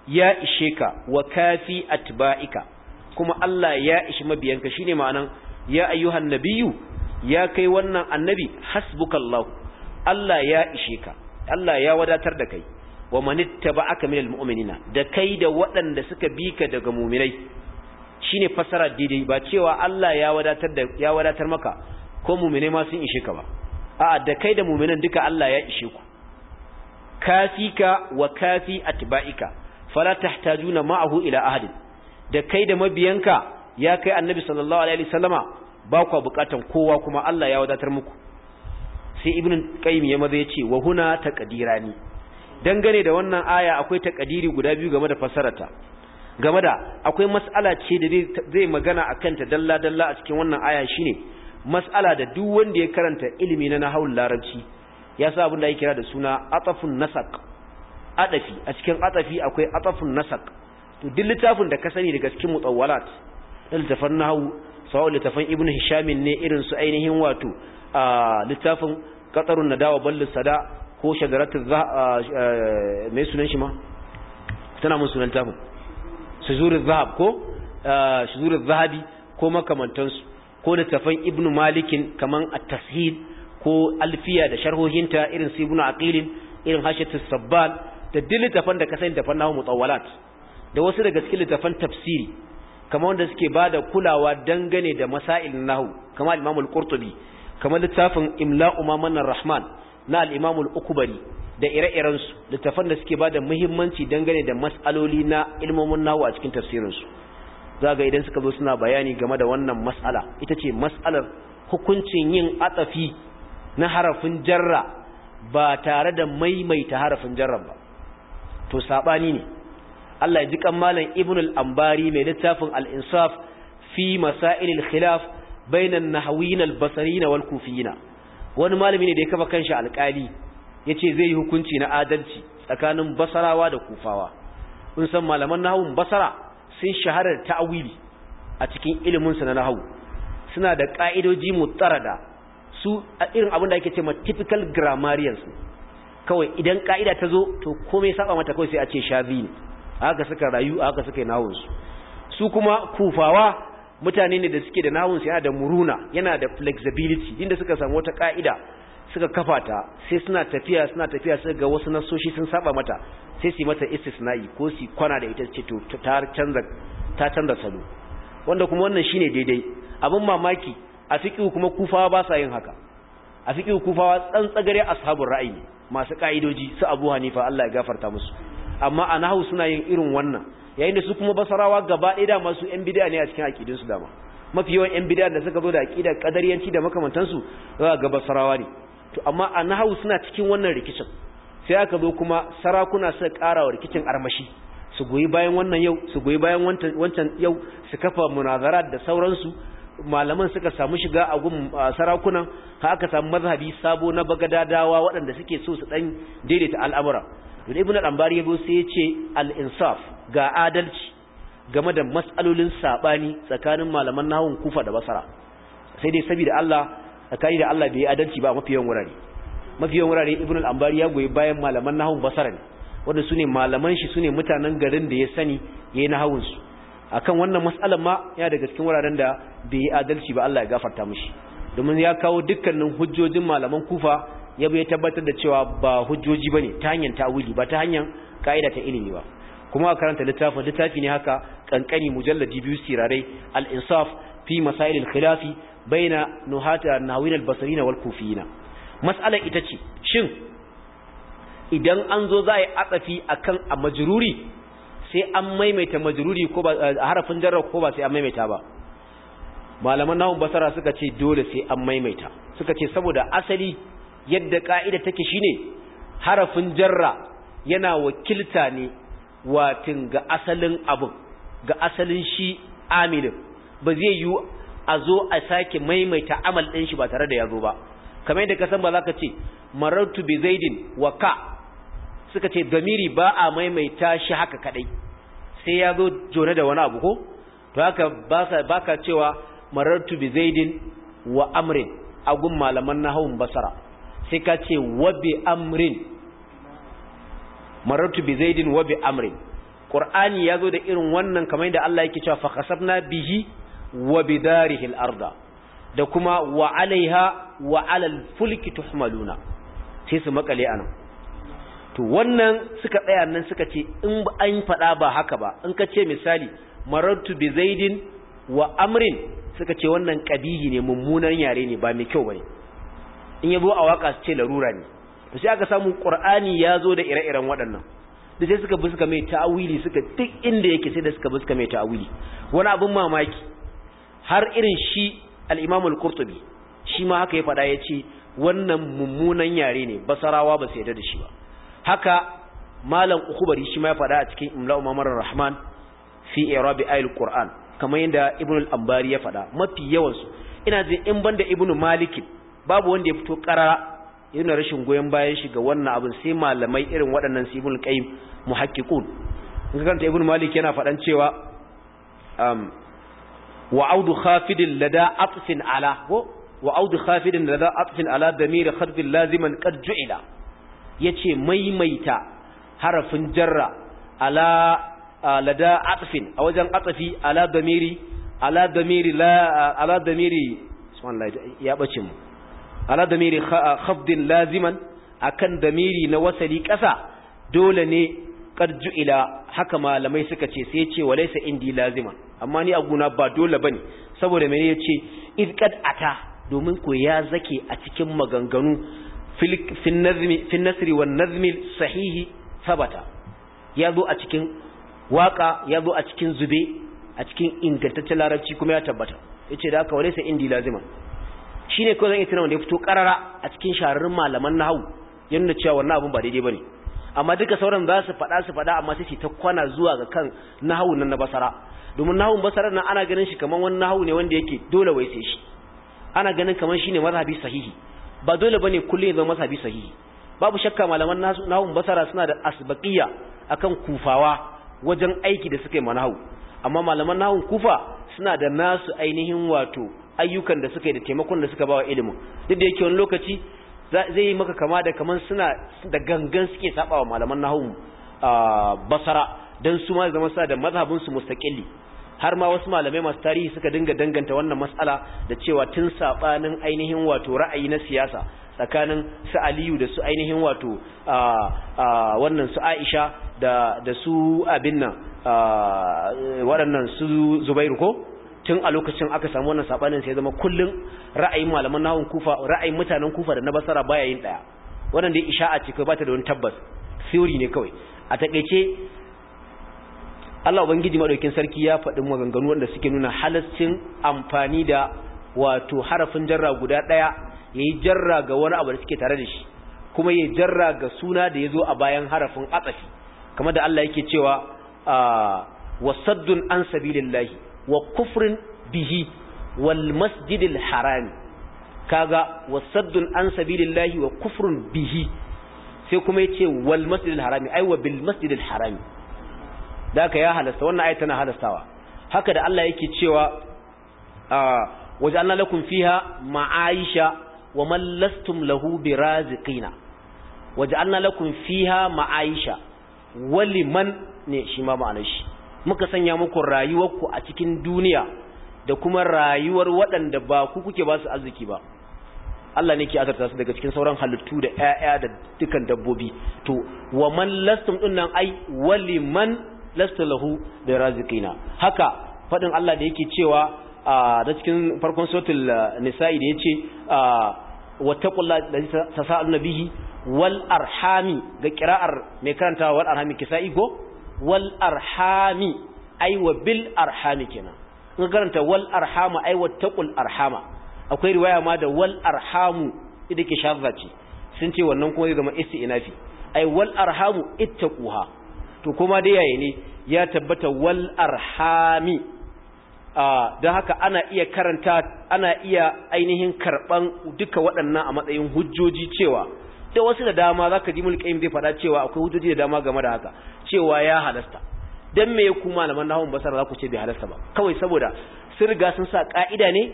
ya ishe ka wa kafi atba'ika kuma Allah ya ishi mabiyanka shine ma'anan ya ayyuhan nabiyyu ya kai wannan annabi hasbukallahu Allah ya ishe ka Allah ya wadatar da kai wa manittaba'aka minal mu'minina da kai da waɗanda suka bi ka daga mu'minai shine fasara daidai ba cewa Allah ya wadatar da ya wadatar maka ko mu'minai ma sun ishe ka ba a'a da kai da mu'minan duka Allah ya ishe ku kafika wa kafi atba'ika fala tahtajuna ma'ahu ila ahadin da kai da mabiyanka ya kai annabi sallallahu alaihi wasallama ba ku bukatan kowa kuma Allah ya wadatar muku sai ibn qayyim ya maza yace wa huna taqdirani dangane da wannan aya akwai taqdiri guda biyu game da fasarata game da akwai mas'ala ce da zai magana akan ta dalla dalla a cikin wannan aya shine mas'ala da duk wanda ya karanta ilimi na nahawul larabci ya sa abin da yake kira da suna atafun nasak adafi a cikin atafi akwai atafun nasak to duk littafin da ka sani daga cikin mutawwalat da littafan nahawu sawa littafan ibnu hisham ne irin su ainihin wato a littafin qatarun nadawa ballu sada ko shagaratu mai sunan shi ma tana mun sunan littafin suzurul zahab ko suzurul zahabi ko makamantansu ko littafan ibn malikin kaman at-tashid ko alfiya da sharhohinta irin su ibn aqilin irin hashatu sabban da duk littafan da ka sani da fannahu mutawwalat da wasu daga cikin littafan tafsiri kamar wanda suke bada kulawa dangane da masail nahu kamar al-imam al-qurtubi kamar littafin imla'u mamannar rahman na al-imam al da ire-iren su littafan da suke ba da muhimmanci dangane da mas'aloli na ilmomin nahu a cikin tafsirin su ga idan suka zo suna bayani game da wannan mas'ala ita ce mas'alar hukuncin yin atafi na harafin jarra ba tare da maimaita harafin jarran ba to sabani ne Allah ya ji kan malam Ibn al-Ambari mai littafin al-Insaf fi masail al-khilaf bainan nahawin al wal wani malami ne da ya kafa kanshi alƙali yace zai yi hukunci na adalci tsakanin basarawa da kufawa kun san malaman nahawun basara sun shaharar ta'awili a cikin ilimin na nahwu suna da ka'idoji mutarada su a irin abin da ake cewa typical grammarians kawai idan ka'ida ta zo to komai saba mata kawai sai a ce shazi ne haka suka rayu haka suka yi su kuma kufawa mutane ne da suke da nahwun yana da muruna yana da flexibility inda suka samu wata ƙa'ida. suka kafa ta sai suna tafiya suna tafiya sai ga wasu nasoshi sun saba mata sai su mata istisna'i ko su kwana da ita ce to ta canza ta canza salo wanda kuma wannan shine daidai abin mamaki a fiqh kuma kufawa ba sa yin haka a fiqh kufawa a ashabur ra'ayi masu ƙa'idoji su Abu Hanifa Allah ya gafarta musu amma a nahwu suna yin irin wannan yayin da su kuma basarawa gaba ɗaya da masu yan bid'a ne a cikin aqidin su dama mafi yawan yan bid'a da suka zo da aqidar qadariyanci da makamantansu za ga basarawa ne to amma a nahawu suna cikin wannan rikicin sai aka zo kuma sarakuna suka ƙara wa rikicin armashi su goyi bayan wannan yau su goyi bayan wancan yau su kafa munazara da sauransu malaman suka samu shiga a gun sarakunan aka samu mazhabi sabo na bagadadawa waɗanda suke so su ɗan daidaita al'amura da ibn al-ambari yabo sai ya ce al ga adalci game da matsalolin saɓani tsakanin malaman nahun kufa da basara sai dai saboda Allah tsakani da Allah bai adalci ba mafi yawan wurare mafiyan wurare ibn al-ambari ya goyi bayan malaman nahawu basara ne wanda sune malaman shi sune mutanen garin da ya sani ya yayi nahawun su akan wannan mas'alar ma ya daga cikin wuraren da bai adalci ba Allah ya gafarta mishi domin ya kawo dukkanin hujjojin malaman kufa ya bai tabbatar da cewa ba hujjoji ne ta hanyar tawili ba ta hanyar ka'ida ta ilimi ba kuma a karanta littafin littafi ne haka kankani mujalladi biyu sirarai al-insaf fi masailil khilafi baina nuhata nawin albasarina wal kufina mas'alar ita ce shin idan an zo za a yi atsafi akan a majruri sai an maimaita majruri ko ba harafin jarra ko ba sai an maimaita ba malaman nahun basara suka ce dole sai an maimaita suka ce saboda asali yadda ka'ida take shine harafin jarra yana wakilta ne watin ga asalin abin ga asalin shi amilin ba zai yi a zo a sake maimaita amal ɗin shi ba tare da ya ba kamar yadda ka san ba za ka ce marartu bi zaidin wa ka suka ce damiri ba a maimaita shi haka kadai sai ya zo jone da wani abu ko to haka ba ka cewa marartu bi zaidin wa amrin agun malaman nahawun basara sai ka ce wa bi amrin marartu bi zaidin wa bi amrin qur'ani zo da irin wannan kamar yadda Allah yake cewa fa khasabna bihi wa bidarihi al-arda da kuma wa alaiha wa alal fulki tuhmaluna sai su makale anan to wannan suka tsaya nan suka ce in an faɗa ba haka ba in ka ce misali marattu bi zaidin wa amrin suka ce wannan kabihi ne mummunan yare ne ba mai kyau bane in yazo a waka su ce larura ne to sai aka samu qur'ani ya zo da ire-iren waɗannan da sai suka bi suka mai ta'awili suka duk inda yake sai da suka bi suka mai ta'awili wani abin mamaki har irin shi al-imam shi ma haka ya faɗa ya ce wannan mummunan yare ne basarawa ba su yadda da shi ba haka malam ukubari shi ma ya faɗa a cikin imla'u mamarar rahman fi bi ayil qur'an kamar yadda ibn al-ambari ya faɗa mafi yawansu, ina zai in banda ibn Malikin, babu wanda ya fito karara yana rashin goyon bayan shi ga wannan abin sai malamai irin waɗannan su ibn al-qayyim muhaqqiqun in ka kanta ibn malik yana faɗan cewa um, wa audu khafidin lada atsin ala ko wa audu laziman qad ju'ila yace maimaita harafin jarra ala lada atsin a wajen atsafi ala damiri ala damiri la ala damiri subhanallah ya akan damiri na wasali ƙasa dole ne qad ju'ila haka malamai suka ce sai ce walaysa indi laziman amma ni a guna ba dole ba ne saboda mene ya ce a ata domin ko ya zake a cikin maganganu fil nazmi sahihi sabata ya zo a cikin waka ya zo a cikin zube a cikin ingantaccen larabci kuma ya tabbata yace da aka sai indi lazima shine kawai zan yi tunawa da ya fito karara a cikin shahararrun malaman nahau yanda cewa wannan abun ba daidai bane amma duka sauran za su faɗa su fada amma sai ta kwana zuwa ga kan nahawun nan na basara domin nahun basarar nan ana ganin shi kamar wani nahu ne wanda yake dole wai sai shi ana ganin kamar shi shine mazhabi sahihi ba dole bane kullum ya zama mazhabi sahihi babu shakka malaman nahun basara suna da asbaqiyya akan kufawa wajen aiki da suka yi manahu amma malaman nahun kufa suna da nasu ainihin wato ayyukan da suka yi da taimakon da suka wa ilimin duk da yake wani lokaci zai yi maka kama da kamar suna da gangan suke sabawa malaman nahun ah, basara dan su ma zama sa da mazhabin su mustaqilli har ma wasu malamai masu tarihi suka dinga danganta wannan matsala da cewa tun sabanin ainihin wato ra'ayi na siyasa tsakanin su Aliyu da su ainihin wato wannan su Aisha da da su abin nan waɗannan su Zubairu ko tun a lokacin aka samu wannan sabanin sai zama kullum ra'ayin malaman nahun kufa ra'ayin mutanen kufa da na basara baya yin daya wannan dai isha'a ce kai bata da wani tabbas theory ne kawai a taƙaice. Allah ubangiji madaukin sarki ya faɗi maganganu wanda suke nuna halascin amfani da wato harafin jarra guda ɗaya yayi jarra ga wani abu da suke tare da shi kuma yayi jarra ga suna da yazo a bayan harafin atsafi kamar da Allah yake cewa ah, wasaddun an sabilillahi wa kufrin bihi wal masjidil haram kaga wasaddun an sabilillahi wa kufrin bihi sai kuma yace wal masjidil harami ai bil masjidil harami da ka ya halasta wannan ayat tana halastawa haka da Allah yake cewa ah, waj'alna lakum fiha ma'aisha wa man lastum lahu biraziqina waj'alna lakum fiha ma'aisha waliman ne shi ma ma'anar shi muka sanya muku ku a cikin duniya da kuma rayuwar waɗanda ba ku kuke ba su arziki ba Allah ne ke azarta su daga cikin sauran halittu da ƴaƴa da dukan dabbobi to wa man lastum dinnan ai waliman lasta lahu bi raziqina haka fadin Allah da yake cewa da cikin farkon suratul nisa'i da yace wattaqullaha allazi tasaaluna bihi wal arhami ga kira'ar mai karanta wal arhami kisa'i go wal arhami ai bil arhami kenan in karanta wal arhama ai wattaqul arhama akwai riwaya ma da wal arhamu idan ke sun ce wannan kuma zai zama inafi ai wal arhamu ittaquha to kuma da yayi ne ya tabbata wal arhami don haka ana iya karanta ana iya ainihin karban duka waɗannan a matsayin hujjoji cewa da wasu da dama zaka ji mulkin zai faɗa cewa akwai hujjoji da dama game da haka cewa ya halasta dan me kuma malaman nahawun basara za ku ce bai halasta ba kawai saboda sirga sun sa ka'ida ne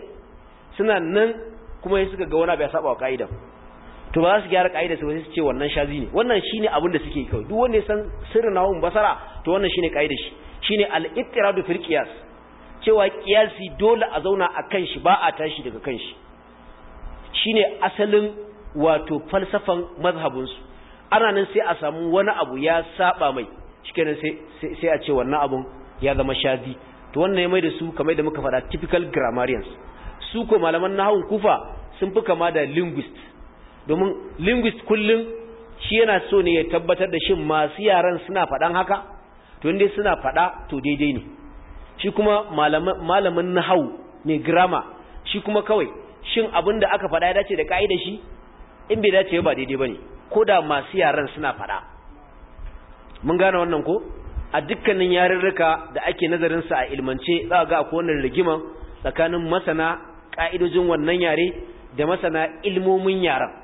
suna nan kuma suka ga wani bai saba wa ƙa'idan. to ba za su gyara ka'ida su ce wannan shazi ne wannan shine abin da suke kyau duk wanda ya san sirrin nawun basara to wannan shine ka'ida shi shine al-ittiradu fil qiyas cewa qiyasi dole a zauna akan shi ba a tashi daga kan shi shine asalin wato falsafan mazhabin su ana nan sai a samu wani abu ya saba mai shikenan sai sai a ce wannan abun ya zama shazi to wannan ya mai da su kamar da muka faɗa typical grammarians su ko malaman nahawun kufa sun fi kama da linguists domin linguist kullum shi yana so ne ya tabbatar da shin masu yaran suna faɗan haka to inda suna faɗa to daidai ne shi kuma malamin nahau mai girama shi kuma kawai shin abin da aka faɗa ya dace da ka'ida shi in bai dace ba daidai ba ne ko da masu yaran suna faɗa mun gane wannan ko a dukkanin yarirrika da ake nazarinsa a ilmance za ga akwai wannan rigiman tsakanin masana ka'idojin wannan yare da masana ilmomin yaran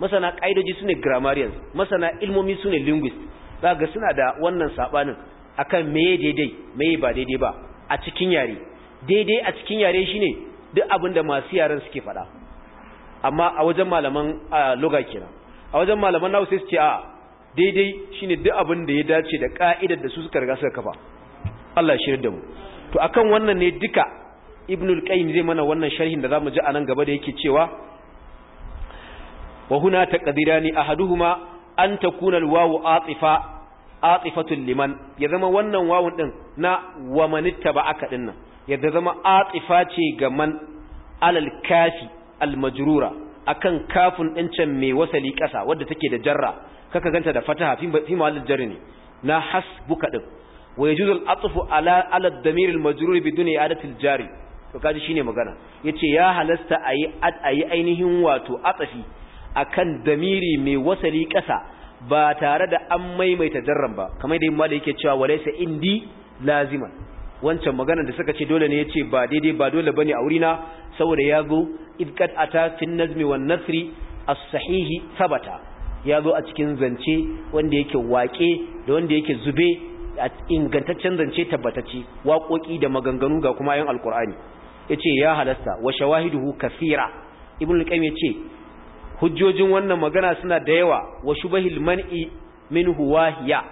masana ƙa'idoji su ne grammarians masana ilmomi su ne linguist za ga suna da wannan saɓanin akan meye daidai meye ba daidai ba a cikin yare daidai a cikin yare shine duk abin da masu yaren suke faɗa amma a wajen malaman loga kenan a wajen malaman nawa ce a daidai shine duk abin da ya dace da ƙa'idar da su suka riga suka kafa Allah shi da mu to akan wannan ne duka ibnul qayyim zai mana wannan sharhin da zamu ji a nan gaba da yake cewa wa huna taqdirani ahaduhuma an takuna alwawu atifa atifatul liman ya zama wannan wawun din na wa manittaba aka din yadda zama atifa ce ga man alal kafi al majrura akan kafin can mai wasali ƙasa wadda take da jarra kaka ganta da fataha fi mahallin jarri ne na hasbuka din wa yajuzu al-atfu ala ala damir al-majrur bidun i'adati al-jari to kaji shine magana yace ya halasta ayi ayi ainihin wato atsafi akan damiri mai wasali ƙasa ba tare da an maimaita jarran ba kamar da imma da yake cewa walaisa indi laziman wancan maganar da suka ce dole ne yace ba daidai ba dole bane a wurina saboda yago idqat ata fin nazmi wan nasri as-sahihi thabata yago a cikin zance wanda yake waƙe da wanda yake zube a ingantaccen zance tabbatacce waƙoƙi da maganganu ga kuma ayan alqur'ani yace ya halasta wa shawahiduhu kaseera ibnu al-qayyim yace hujjojin wannan magana suna da yawa wa shubahil man'i minhu wahiya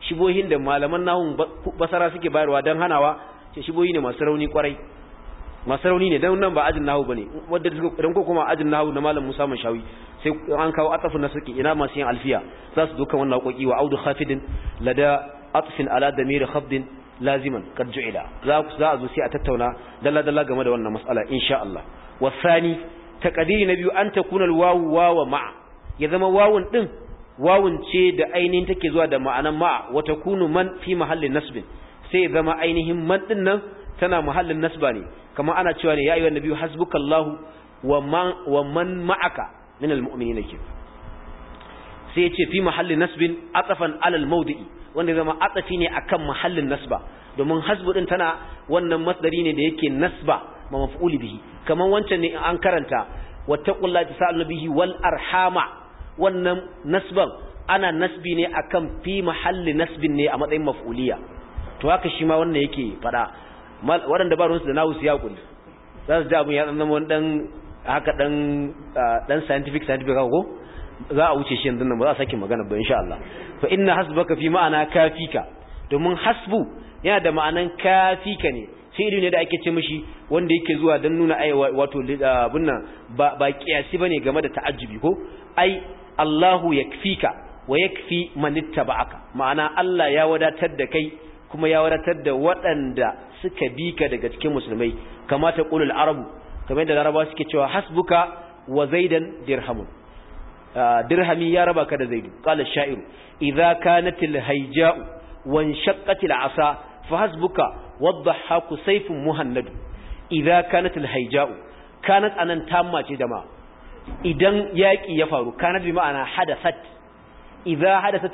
shibohin da malaman nahun basara suke bayarwa dan hanawa ce shibohi ne masu rauni kwarai masu rauni ne don nan ba ajin nahu wadda wanda dan ko kuma ajin nahu na malam Musa Mashawi sai an kawo atafu na suke ina masu yin alfiya za su duka wannan haƙoƙi wa audu hafidin lada atfin ala damir khabdin laziman kad ju'ila za a zo sai a tattauna dalla dalla game da wannan mas'ala insha Allah wasani taqdiri na biyu an kunar alwawu wawa ma'a ya zama wawun ɗin wawun ce da ainihin take zuwa da ma'anan ma'a wata takunu man fi mahallin nasbin sai zama ainihin man ɗin nan tana mahallin nasba ne kamar ana cewa ne ya ayyuhan nabiyyu hasbukallahu wa man wa man ma'aka min almu'minina ke sai ya ce fi mahallin nasbin atsafan alal maudi'i wanda zama atsafi ne akan mahallin nasba domin hasbu ɗin tana wannan matsari ne da yake nasba ma maf'ul bihi kaman wancan ne an karanta wa wattaqullaha tasallu bihi wal arhama wannan nasban ana nasbi ne akan fi mahalli nasbin ne a matsayin maf'uliya to haka shi ma wannan yake fada waɗanda ba ruwansu da nawu siya yakuli za su ja abin ya zama wani dan haka dan dan scientific scientific haka ko za a wuce shi yanzu nan ba za a sake magana ba insha Allah fa inna hasbaka fi ma'ana kafika domin hasbu yana da ma'anan kafika ne fi'ili ne da ake ce mishi wanda yake zuwa don nuna ai wato abin nan ba ba kiyasi bane game da ta'ajjubi ko ai Allahu yakfika wa yakfi man ittaba'aka ma'ana Allah ya wadatar da kai kuma ya wadatar da waɗanda suka bi ka daga cikin musulmai kama ta qulul arabu kamar da larabawa suke cewa hasbuka wa zaidan dirhamun dirhami ya raba ka da zaidu qala sha'iru idza kanatil hayja'u wan shaqqatil 'asa Fasbuka. wadhahaku sayfun muhannadu idza kanat alhayja'u ce idan yaki ya faru kanat bi ma'ana hadasat idza hadasat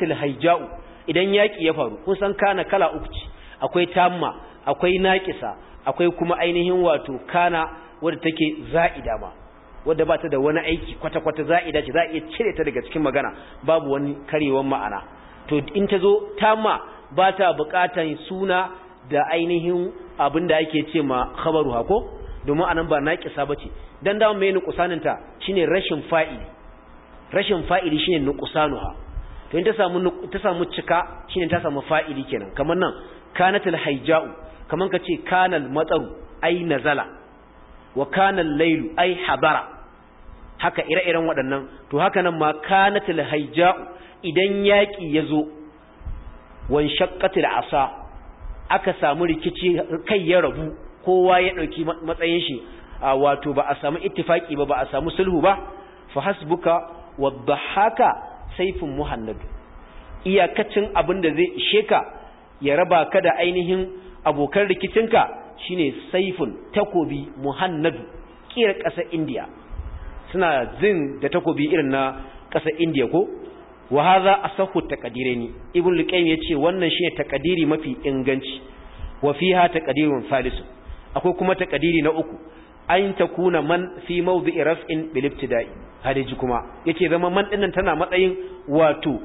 idan yaki ya faru kun san kana kala uku ce akwai tamma akwai naqisa akwai kuma ainihin wato kana wadda take za'ida ma wadda da wani aiki kwata-kwata za'ida ce za iya cire ta daga cikin magana babu wani karewan ma'ana to in ta zo tamma ba ta bukatan suna da ainihin abin da ake ce ma khabaru hako domin anan ba ba bace dan da mai nuqsaninta shine rashin fa'ili rashin fa'ili shine nuqsanuha to in ta samu ta samu cika shine ta samu fa'ili kenan kamar nan kanatul haija'u kamar ka ce, kanal matsaru ai nazala wa kanal lailu ai habara haka ire-iren waɗannan to haka nan ma kanatul haija'u idan yaƙi ya zo wan da asa aka samu rikici kai ya rabu kowa ya ɗauki matsayin shi a wato ba a samu ittifaki ba ba a samu sulhu ba fa hasbuka wadhahaka saifin muhannad iyakacin abin da zai ishe ka ya raba ka da ainihin abokan rikicinka shine saifin takobi muhannadu kira ƙasar indiya suna zin da takobi irin na ƙasar indiya ko wa hadha asahhu taqdirani ibn luqaym yace wannan shine taqdiri mafi inganci wa fiha taqdirun akwai kuma taqdiri na uku ayin takuna man fi mawdi'i raf'in bil ibtida'i hadiji kuma yace zama man dinnan tana matsayin wato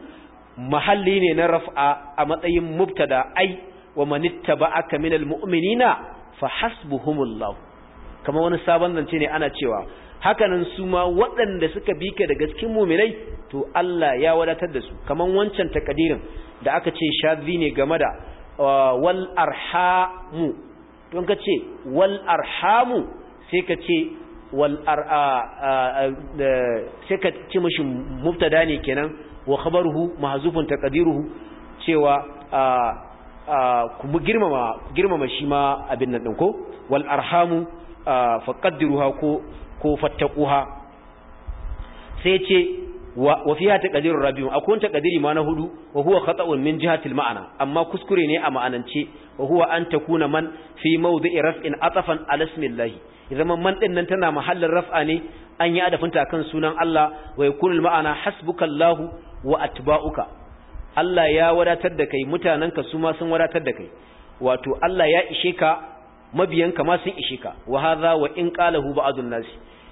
mahalli ne na raf'a a matsayin mubtada ai wa man ittaba'aka minal mu'minina fa hasbuhumullah kamar wani sabon zance ne ana cewa hakanan su ma waɗanda suka bi ka daga cikin muminai to Allah ya wadatar da su kaman wancan takadirin da aka ce shazi ne game da uh, wal arhamu don ka ce wal arhamu sai ka ce wal uh, uh, sai ka ce mubtada ne kenan wa khabaruhu mahzufun taqdiruhu cewa kuma girmama girmama shi ma abin nan din ko wal arhamu faqaddiruha ko ko fattaquha sai ce wa fiha taqdirur rabiu akwai taqdiri ma na hudu wa huwa khata'un min jihatil ma'ana amma kuskure ne a ma'anance wa huwa an takuna man fi mawdi'i raf'in atafan ala ismillah idan man din nan tana mahallin raf'a ne an yi adafinta kan sunan Allah wa yakunul ma'ana hasbukallahu wa atba'uka Allah ya wadatar da kai mutananka su ma sun wadatar da kai wato Allah ya ishe ka mabiyanka ma sun ishe ka wa hadha wa in qalahu ba'dun nas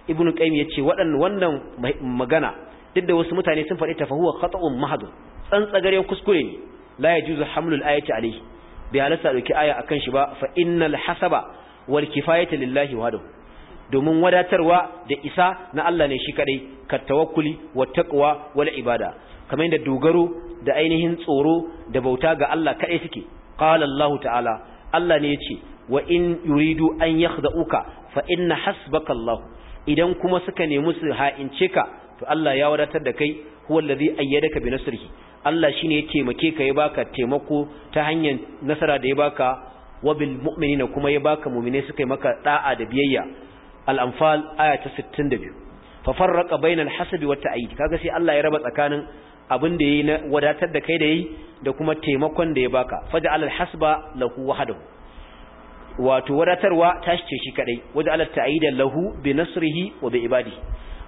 ibnu qayyim yace waɗannan wannan magana duk da wasu mutane sun faɗi tafahuwa khata'un mahdun tsantsagare kuskure ne la yajuzu hamlul ayati alayhi bi halasa dauki aya akan shi ba fa innal hasaba wal kifayata lillahi wahdahu domin wadatarwa da isa na Allah ne shi kadai ka tawakkuli wa taqwa wal ibada kamar yadda dogaro da ainihin tsoro da bauta ga Allah kadai suke qala Allah ta'ala Allah ne yace wa in yuridu an yakhda'uka fa inna hasbaka Allah idan kuma suka nemi su ha'ince ka to Allah ya wadatar da kai huwa allazi ayyadaka bi nasrihi Allah shine ya taimake ka ya baka taimako ta hanyar nasara da ya baka wa bil mu'minina kuma ya baka mu'mine suka yi maka da'a da biyayya al-anfal aya ta 62 fa farraqa bainal hasabi wat ta'id kaga sai Allah ya raba tsakanin abin da yayi wadatar da kai da yi da kuma taimakon da ya baka faja'al al-hasba lahu wahdahu wato wadatarwa tashi ce shi kadai wajen Allah ta'ida lahu bi nasrihi wa bi ibadi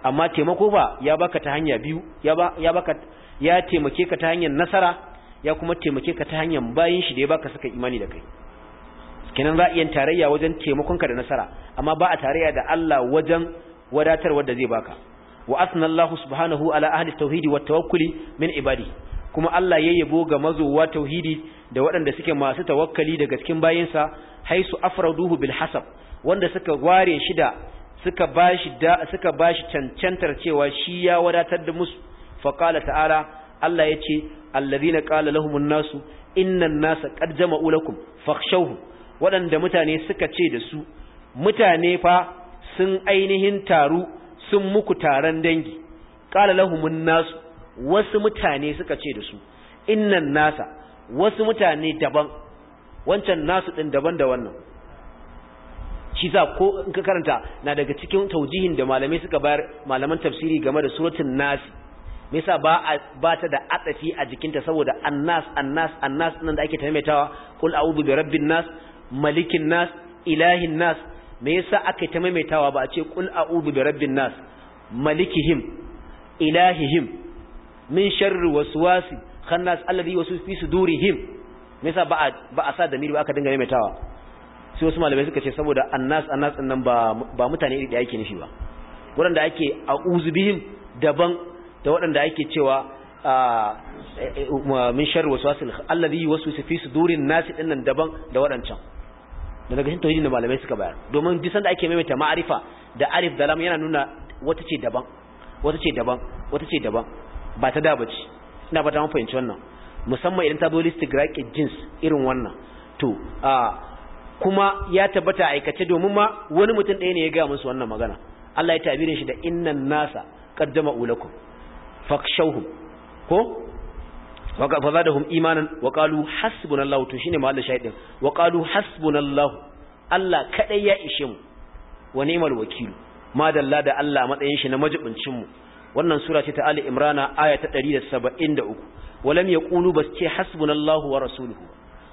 amma taimako ba ya baka ta hanya biyu ya baka ya taimake ka ta hanyar nasara ya kuma taimake ka ta hanyar bayin shi da ya baka saka imani da kai kenan za iya tarayya wajen taimakon ka da nasara amma ba a tarayya da Allah wajen wadatarwa da zai baka wa asna Allah subhanahu ala ahli tauhidi wa tawakkuli min ibadi kuma Allah ya yabo ga mazuwa tauhidi da waɗanda suke masu tawakkali daga cikin bayinsa haisu afraduhu bil hasab wanda suka ware shi da suka bashi da suka bashi cancantar cewa shi ya wadatar da musu fa qala ta'ala Allah yace alladhina qala lahumun nasu innan nasa qad jama'u lakum fakhshawhu waɗanda mutane suka ce da su mutane fa sun ainihin taru sun muku taron dangi qala lahumun nasu wasu mutane suka ce da su innan nasa wasu mutane daban wancan nasu ɗin daban da wannan shi za ko in ka karanta na daga cikin taujihin da malamai suka bayar malaman tafsiri game da suratul nas me yasa ba ba ta da atsafi a jikinta saboda annas annas annas nan da ake taimaitawa kul a'udhu bi rabbin nas malikin nas ilahin nas me yasa aka ta maimaitawa ba a ce kul a'udhu bi rabbin nas malikihim ilahihim min sharri waswasi khannas alladhi wasu fi sudurihim me yasa ba a sa miri ba aka dinga maimaitawa sai wasu malamai suka ce saboda annas annas din nan ba mutane iri da yake nufi ba waɗanda ake a'udhu bihim daban da waɗanda ake cewa e, e, um, min sharri waswasil alladhi yuwaswisu fi sudurin nas din nan daban da waɗancan da daga cikin tauhidin da malamai suka bayar domin duk sanda ake maimaita ma'arifa da arif da lam yana nuna wata ce daban wata ce daban wata ce daban ba ta da bace ina ba ta mun fahimci wannan musamman idan ta zo listigraƙin jins irin wannan to kuma ya tabbata aikace domin ma wani mutum ɗaya ne ya gaya musu wannan magana Allah ya tabirin shi da innan nasa qaddama ulakum fakshawhum ko fazadahum imanan wa qalu hasbunallahu to shine mahallin shaidin wa qalu hasbunallahu Allah kadai ya ishe mu wa ni'mal wakilu madalla da Allah matsayin shi na majibincin mu wannan sura ce ta Ali Imrana aya ta 173 walam yaqulu bas ce hasbunallahu wa rasuluhu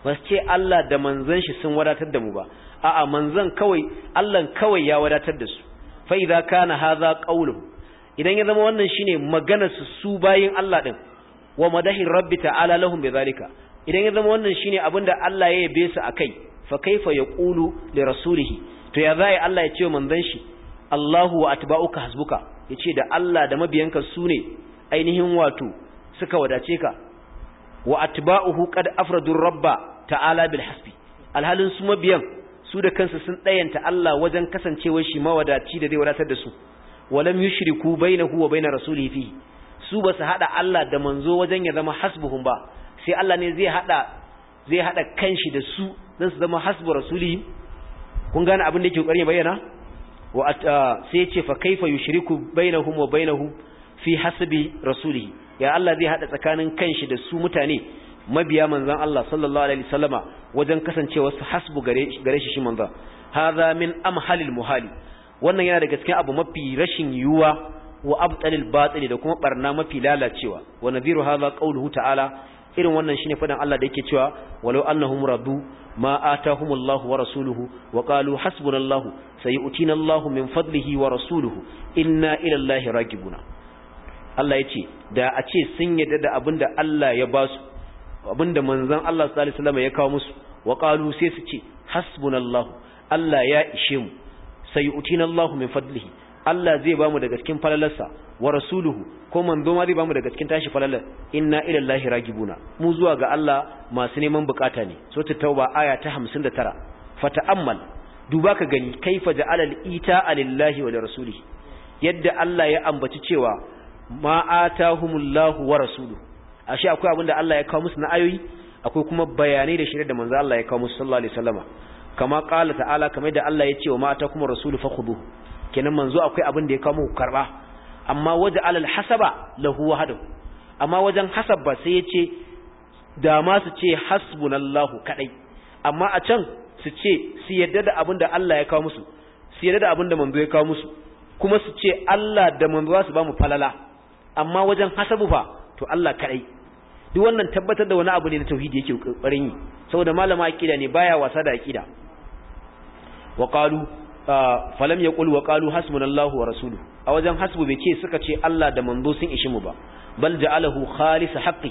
bas ce Allah da manzon shi sun wadatar da mu ba a'a manzon kawai Allah kawai ya wadatar da su fa idza kana hadha qawluhu idan ya zama wannan shine maganar su su bayin Allah din wa madahi rabbi ta'ala lahum bidhalika idan ya zama wannan shine abinda Allah ya yabe su akai fa kaifa yaqulu li rasulihi to ya zai Allah ya ce manzon shi Allahu wa atba'uka hasbuka Ya ce da Allah da mabiyanka sune ainihin wato suka wadace ka wa atba'uhu qad afradur rabba ta'ala bil hasbi alhalin su mabiyan su da kansu sun dayanta Allah wajen kasancewar shi mawadaci da zai wadatar da su lam yushriku bainahu wa bainar rasulihi fi su ba su hada Allah da manzo wajen ya zama hasbuhum ba sai Allah ne zai hada zai hada kanshi da su dan su zama hasbu rasulihi kun gane abin da yake kokarin bayyana wa ah, sai ce fa kaifa yushriku bainahum wa bainahu fi hasbi rasulihi ya Allah zai hada tsakanin kanshi da su mutane mabiya manzon Allah sallallahu alaihi wasallama wajen kasancewa su hasbu gare shi shi manzon hadha min amhalil muhali wannan yana daga cikin abu mafi rashin yuwa wa abtalil batil da kuma barna mafi lalacewa wa nadhiru hadha qawluhu ta'ala irin wannan shine fadan Allah da yake cewa walau annahum radu ma atahumullahu wa rasuluhu wa qalu hasbunallahu sayu'tina Allahu min fadlihi wa rasuluhu inna ila Allahi ragibuna Allah yace da a ce sun yadda da abinda Allah ya basu, abinda manzon Allah sallallahu alaihi ya kawo musu wa qalu sai su ce hasbunallahu Allah ya ishe mu sayu'tina Allahu min fadlihi Allah zai bamu daga cikin falalarsa wa rasuluhu ko manzo ma zai bamu daga cikin tashi falalar inna ila llahi ragibuna mu zuwa ga Allah masu neman bukata ne ta tauba aya ta 59 fata'ammal duba ka gani kaifa ja'ala al-ita alillahi wa rasulihi yadda Allah ya ambaci cewa ma atahumullahu wa rasuluhu ashe akwai abinda Allah ya kawo musu na ayoyi akwai kuma bayanai da shirye da manzo Allah ya kawo musu sallallahu alaihi wasallama kama qala ta'ala kamar da Allah ya ce wa ma atakum rasulu fakhuduhu kenan manzo akwai abin da ya kawo muku karba amma waje alal hasaba lahu wahdahu amma wajen hasab sai yace da ma su ce hasbunallahu kadai amma a can su ce su yarda da abin da Allah ya kawo musu su yarda da abin da manzo ya kawo musu kuma su ce Allah da manzo su ba mu falala amma wajen hasabu fa to Allah kadai duk wannan tabbatar da wani abu ne na tauhidi yake kokarin yi saboda malama akida ne baya wasa da akida wa qalu falam ya qul wa qalu hasbunallahu wa rasuluhu a wajen hasbu bai ce suka ce Allah da manzo sun ishi mu ba bal ja'alahu khalis haqqi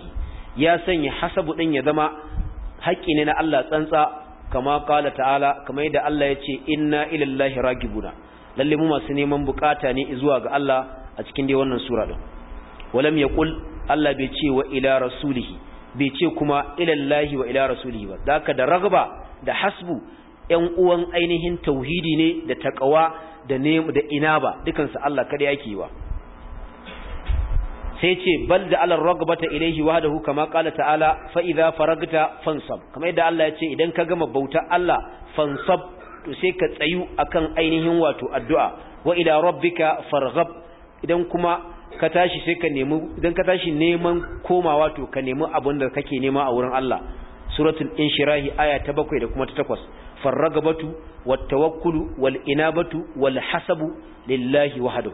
ya sanya hasabu din ya zama haƙƙi ne na Allah tsantsa kama kala ta'ala kama yadda Allah ya ce inna ilallahi ragibuna lalle mu masu neman bukata ne zuwa ga Allah a cikin dai wannan sura din walam yaqul Allah bai ce wa ila rasulihi bai ce kuma ilallahi wa ila rasulihi ba da ragaba da hasbu Yan uwan ainihin tauhidi ne da taƙawa da da inaba dukan Allah kada yake yi wa sai ce bal da alar ragbata ilaihi wahdahu kama qala ta'ala fa idza faragta fansab kamar yadda Allah ya ce idan ka gama bauta Allah fansab to sai ka tsayu akan ainihin wato addu'a wa ila rabbika farghab idan kuma ka tashi sai ka nemi idan ka tashi neman koma wato ka nemi abin da kake nema a wurin Allah suratul inshirahi aya ta bakwai da kuma ta takwas farragabatu wat tawakkulu wal inabatu wal hasabu lillahi wahdahu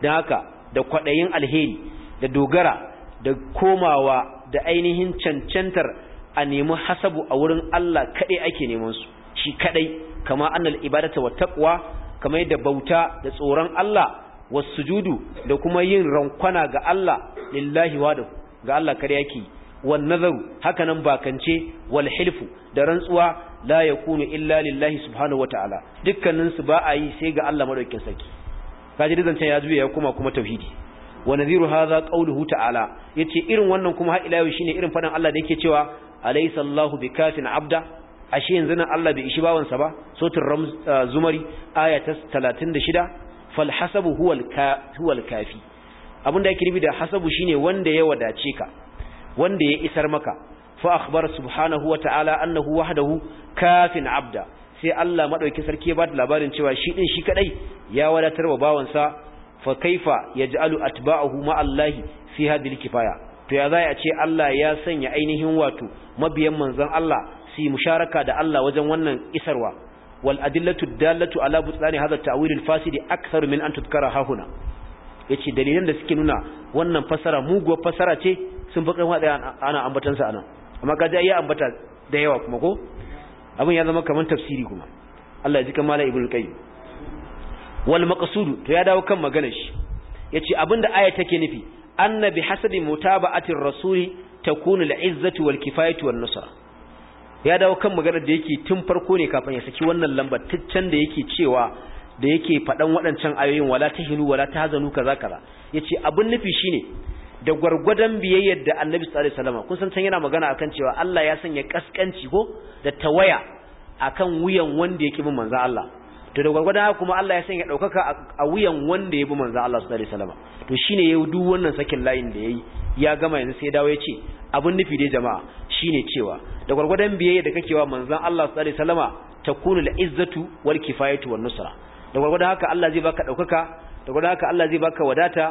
dan haka da kwaɗayin alheri da dogara da komawa da ainihin cancantar a nemi hasabu a wurin Allah kadai ake neman su shi kadai kama annal ibadata wat taqwa kamar da bauta da tsoron Allah wasujudu da kuma yin rankwana ga Allah lillahi wa ga Allah kare yake wan nazaru hakanan bakance wal hilfu da rantsuwa la yakunu illa lillahi subhanahu wataala dukkanin su ba a yi sai ga Allah madaukakin sarki kaji dizan can ya juya ya kuma kuma tauhidi wa nadhiru hadha qawluhu ta'ala yace irin wannan kuma har ila yau shine irin fadan Allah da yake cewa alaysa Allahu bikafin abda ashe yanzu nan Allah bai ishi bawansa ba sotin ramz uh, zumari aya ta 36 fal hasabu huwal ka huwal kafi abinda yake ribi da hasabu shine wanda ya wadace ka wanda ya isar maka fa akhbara subhanahu wata'ala annahu wahdahu kafin abda sai Allah madauki sarki ba da labarin cewa shi din shi kadai ya wadatar wa sa fa kaifa yaj'alu atba'ahu ma Allah fi hadhihi kifaya to ya za a ce Allah ya sanya ainihin wato mabiyan manzon Allah su musharaka da Allah wajen wannan isarwa wal adillatu dallatu ala butlani hadha ta'wil al fasid akthar min an tudkara hahuna yace dalilan da suke nuna wannan fasara muguwar fasara ce sun fi kan ana ambatansa anan amma kaji ai ambata da yawa kuma ko abin ya zama kaman tafsiri kuma Allah ya ji kamala ibnu qayyim wal maqsud to ya dawo kan maganar shi yace abinda aya take nufi anna bi hasabi mutaba'atir rasuli takunu al izzati wal kifayatu wan nusra ya dawo kan maganar da yake tun farko ne kafin ya saki wannan lambar da yake cewa da yake faɗan waɗancan ayoyin wala tahinu wala tahzanu kaza kaza yace abin nufi shine da gwargwadon biyayyar da annabi sallallahu alaihi wasallam kun san can yana magana akan cewa Allah ya sanya kaskanci ko da tawaya akan wuyan wanda ya bin manzo Allah to da gwargwadon kuma Allah ya sanya daukaka a wuyan wanda ya bi manzo Allah sallallahu alaihi wasallam to shine yau duk wannan sakin layin da yayi ya gama yanzu sai dawo ya ce Abun nufi dai jama'a shine cewa da gwargwadon biyayyar da kake wa manzon Allah sallallahu alaihi wasallam takunu al-izzatu wal kifayatu wan nusra da gwargwadon haka Allah zai baka daukaka da gwargwadon haka Allah zai baka wadata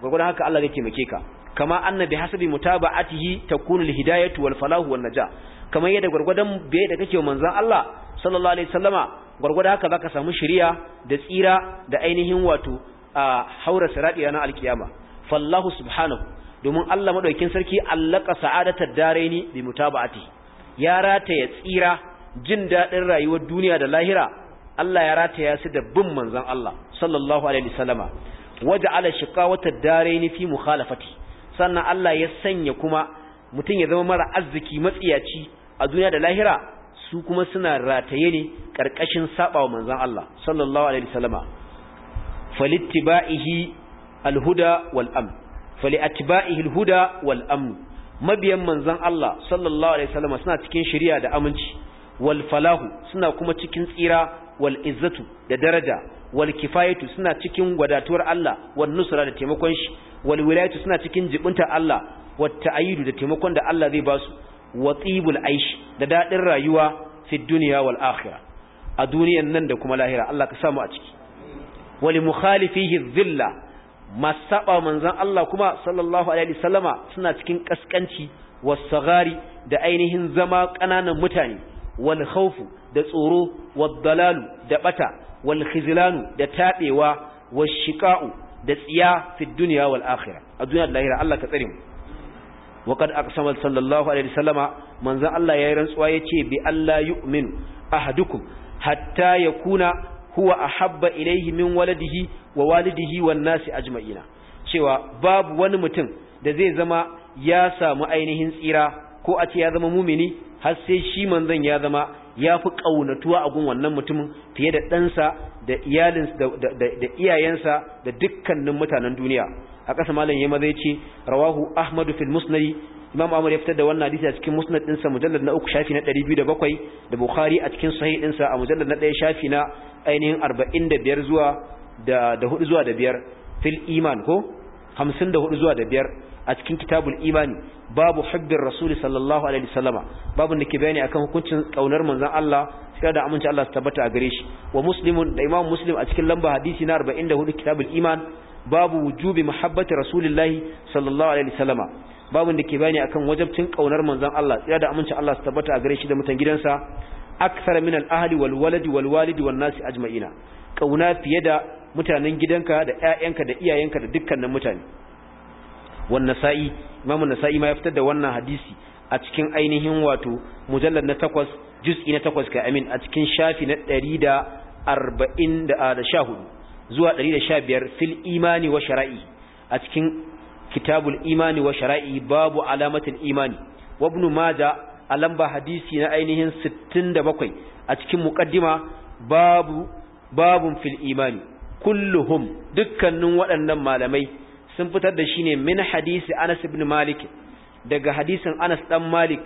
gurgurdan haka Allah zai taimake ka kama annabi hasabi mutaba'atihi takunu alhidayatu wal falahu wan najah kamar yadda gurgurdan bai da kake manzon Allah sallallahu alaihi wasallama gurgurdan haka zaka samu shiriya da tsira da ainihin wato a haura sirati ranar alkiyama fallahu subhanahu domin Allah madaukakin sarki allaka sa'adatar dareni bi mutaba'ati ya rataya tsira jin dadin rayuwar duniya da lahira Allah ya rataya su da bin manzon Allah sallallahu alaihi wasallama waja'ala shiqawata ad-darain fi mukhalafati sannan Allah ya sanya kuma mutum ya zama mara arziki matsiyaci a duniya da lahira su kuma suna rataye ne karkashin sabawa manzon Allah sallallahu alaihi wasallama falittiba'ihi al-huda wal amn fali'attiba'ihi al-huda wal amn mabiyan manzon Allah sallallahu alaihi wasallama suna cikin shari'a da aminci wal falahu suna kuma cikin tsira wal izzatu da daraja wal kifayatu suna cikin wadatuwar Allah wa nusra da taimakon shi wal wilayatu suna cikin jibinta Allah wat ta'ayidu da taimakon da Allah zai basu wa tibul aish da dadin rayuwa fi dunya wal akhirah a duniyan nan da kuma lahira Allah ka samu a ciki wal mukhalifihi dhilla masaba manzon Allah kuma sallallahu alaihi wasallama suna cikin kaskanci wasagari sagari da ainihin zama kananan mutane wal khawfu da tsoro wad dalalu da bata wal da tabewa wa shiqa'u da tsiya fi dunya wal akhirah a duniya da lahira Allah ka tsare mu wa qad aqsama sallallahu alaihi wasallama manzon Allah yi rantsuwa yace bi Allah yu'min ahadukum hatta yakuna huwa ahabba ilayhi min waladihi wa walidihi wan nasi ajma'ina cewa babu wani mutum da zai zama ya samu ainihin tsira ko a ce ya zama mumini har sai shi manzon ya zama ya fi ƙaunatuwa a gun wannan mutumin fiye da ɗansa da iyalinsa da iyayensa da dukkanin mutanen duniya a ƙasa malam yamma zai ce rawahu ahmadu fil musnadi imam ahmad ya fitar da wannan hadisi a cikin musnad ɗinsa mujallar na uku shafi na ɗari biyu da bakwai da bukhari a cikin sahih ɗinsa a mujallar na ɗaya shafi na ainihin arba'in da biyar zuwa da hudu zuwa da biyar fil iman ko hamsin da hudu zuwa da biyar a cikin kitabul imani babu hubbir rasuli sallallahu alaihi sallama babu da ke bayani akan hukuncin kaunar manzan Allah sai da aminci Allah su tabbata a gare shi wa muslimun da imam muslim a cikin lamba hadisi na 44 kitabul iman babu wujubi muhabbati rasulillahi sallallahu alaihi wasallama babu da ke bayani akan wajibcin kaunar manzan Allah sai da aminci Allah su tabbata a gare shi da mutan gidansa akthar min al ahli wal walad wal walid wan nas ajma'ina kauna fiye da mutanen gidanka da ƴaƴanka da iyayenka da dukkanin mutane wan nasa'i imamu nasa'i ma ya fitar da wannan hadisi a cikin ainihin wato mujallad na takwas juz'i na takwas ka amin a cikin shafi na ɗari da arba'in da zuwa ɗari da sha biyar fil imani wa shara'i a cikin kitabul imani wa shara'i babu alamatul imani wa ibn maja a lamba hadisi na ainihin sittin da bakwai a cikin muqaddima babu babun fil imani kulluhum dukkanin waɗannan malamai sun fitar da shi ne min hadisi Anas ibn Malik daga hadisin Anas dan Malik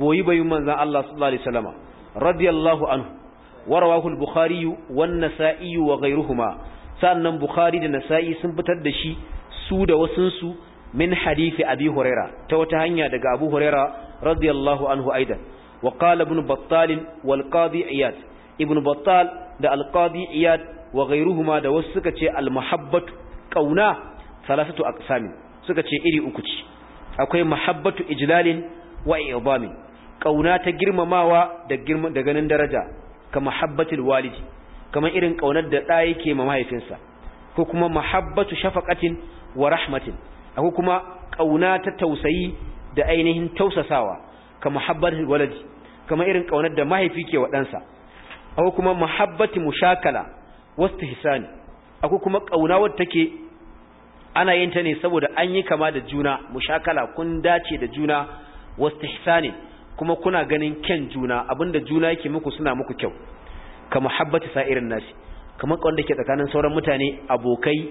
boyi bayin manzon Allah sallallahu alaihi wasallam radiyallahu anhu warawahu al-Bukhari wan Nasa'i wa ghayruhuma sannan Bukhari da Nasa'i sun fitar da shi su da wasunsu min hadisi Abi Huraira ta wata hanya daga Abu Huraira radiyallahu anhu aidan wa qala ibn Battal wal Qadi Iyad ibn Battal da al-Qadi Iyad wa ghayruhuma da wasu suka ce al-muhabbatu kauna salasatu aqsamin suka ce iri uku ce akwai mahabbatu ijlalin wa ƙauna kauna ta girmamawa da girma da ganin daraja ka mahabbatul walidi kamar irin kaunar da da yake ma mahaifinsa ko kuma muhabbatu shafaqatin wa rahmatin akwai kuma kauna ta tausayi da ainihin tausasawa ka mahabbatul walidi kamar irin kaunar da mahaifi ke wa ɗansa akwai kuma muhabbati mushakala hisani, ko kuma kauna wadda take ana yin ta ne saboda an yi kama da juna mushakala kun dace da juna wastihsani kuma kuna ganin kyan juna abinda juna yake muku suna muku kyau ka muhabbati sa'irin nasi kamar wanda ke tsakanin sauran mutane abokai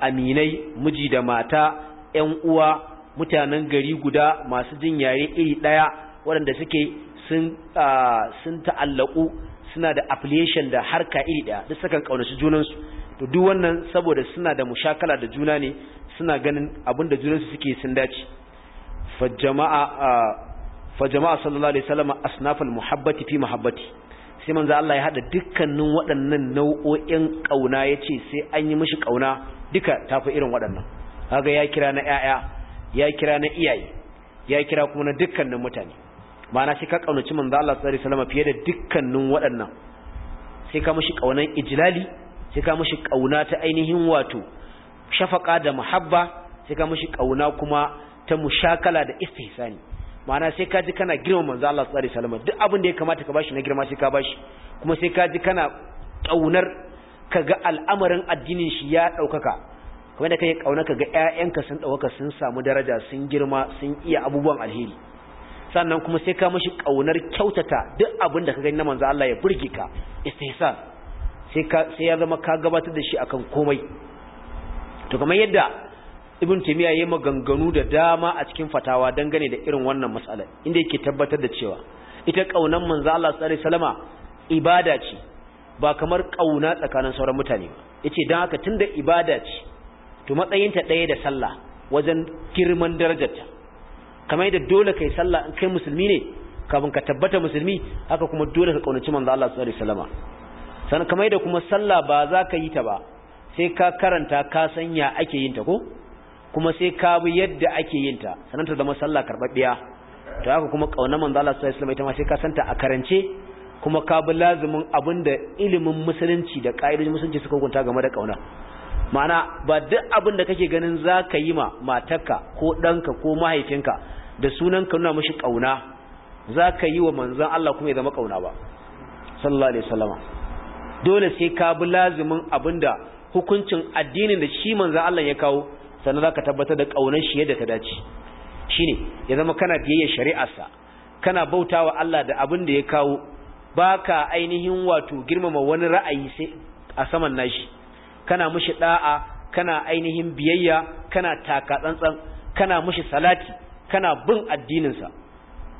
aminai miji da mata 'yan uwa mutanen gari guda masu jin yare iri ɗaya waɗanda suke sun sun ta'allaku suna da affiliation da harka iri ɗaya duk sukan kaunaci junansu to duk wannan saboda suna da mushakala da juna ne suna ganin abinda junansu suke sun dace fa jama'a fa jama'a sallallahu alaihi wasallam asnafal muhabbati fi muhabbati sai manzo Allah ya hada dukkanin waɗannan nau'o'in kauna yace sai an yi mishi kauna duka tafi irin waɗannan kaga ya kira na yaya ya kira na iyaye ya kira kuma na dukkanin mutane ma'ana sai ka kaunaci manzo Allah sallallahu alaihi wasallam fiye da dukkanin waɗannan sai ka mishi kaunan ijlali sai ka mishi kauna ta ainihin wato shafaka da muhabba sai ka mishi kauna kuma ta mushakala da istihsani ma'ana sai ka ji kana girma manzo Allah sallallahu alaihi wasallam duk abin da ya kamata ka bashi na girma sai ka bashi kuma sai ka ji kana kaunar kaga al'amarin addinin shi ya daukaka kamar da kai kauna kaga ƴaƴanka sun ɗaukaka sun samu daraja sun girma sun iya abubuwan alheri sannan kuma sai ka mishi kaunar kyautata duk abin da ka gani na manzo Allah ya burge ka istihsan sai ya zama ka gabatar da shi akan komai to kamar yadda ibn ya yayi maganganu da dama a cikin fatawa dangane da irin wannan mas'ala inda yake tabbatar da cewa ita kaunan manzo Allah sallallahu alaihi wasallama ibada ce ba kamar kauna tsakanin sauran mutane ba yace dan haka tunda ibada ce to matsayinta ɗaya da sallah wajen girman darajarta kamar yadda dole kai sallah in kai musulmi ne kafin ka tabbata musulmi haka kuma dole ka kaunaci manzo Allah sallallahu alaihi wasallama san kamar da kuma sallah ba za ka yi ta ba sai ka karanta ka sanya ake yin ta ko kuma sai ka bi yadda ake yin ta sanan ta zama sallah karbabbiya to haka kuma kauna manzo Allah sallallahu alaihi wasallam ita sai ka santa a karance kuma ka bi lazumin abinda ilimin musulunci da kaidojin musulunci suka hukunta game da kauna ma'ana ba duk abin da kake ganin za ka yi ma matarka ko danka ko mahaifinka da sunan ka nuna mashi ƙauna za ka yi wa manzan Allah kuma ya zama ƙauna ba sallallahu alaihi wasallam dole sai ka bi lazimin abinda hukuncin addinin da shi manzo Allah ya kawo sannan zaka tabbatar da kaunar shi yadda ta dace shine ya zama kana biyayya shari'arsa kana bautawa Allah da abin da ya kawo baka ainihin wato girmama wani ra'ayi sai a saman nashi kana mushi da'a kana ainihin biyayya kana taka tsantsan kana mushi salati kana bin addininsa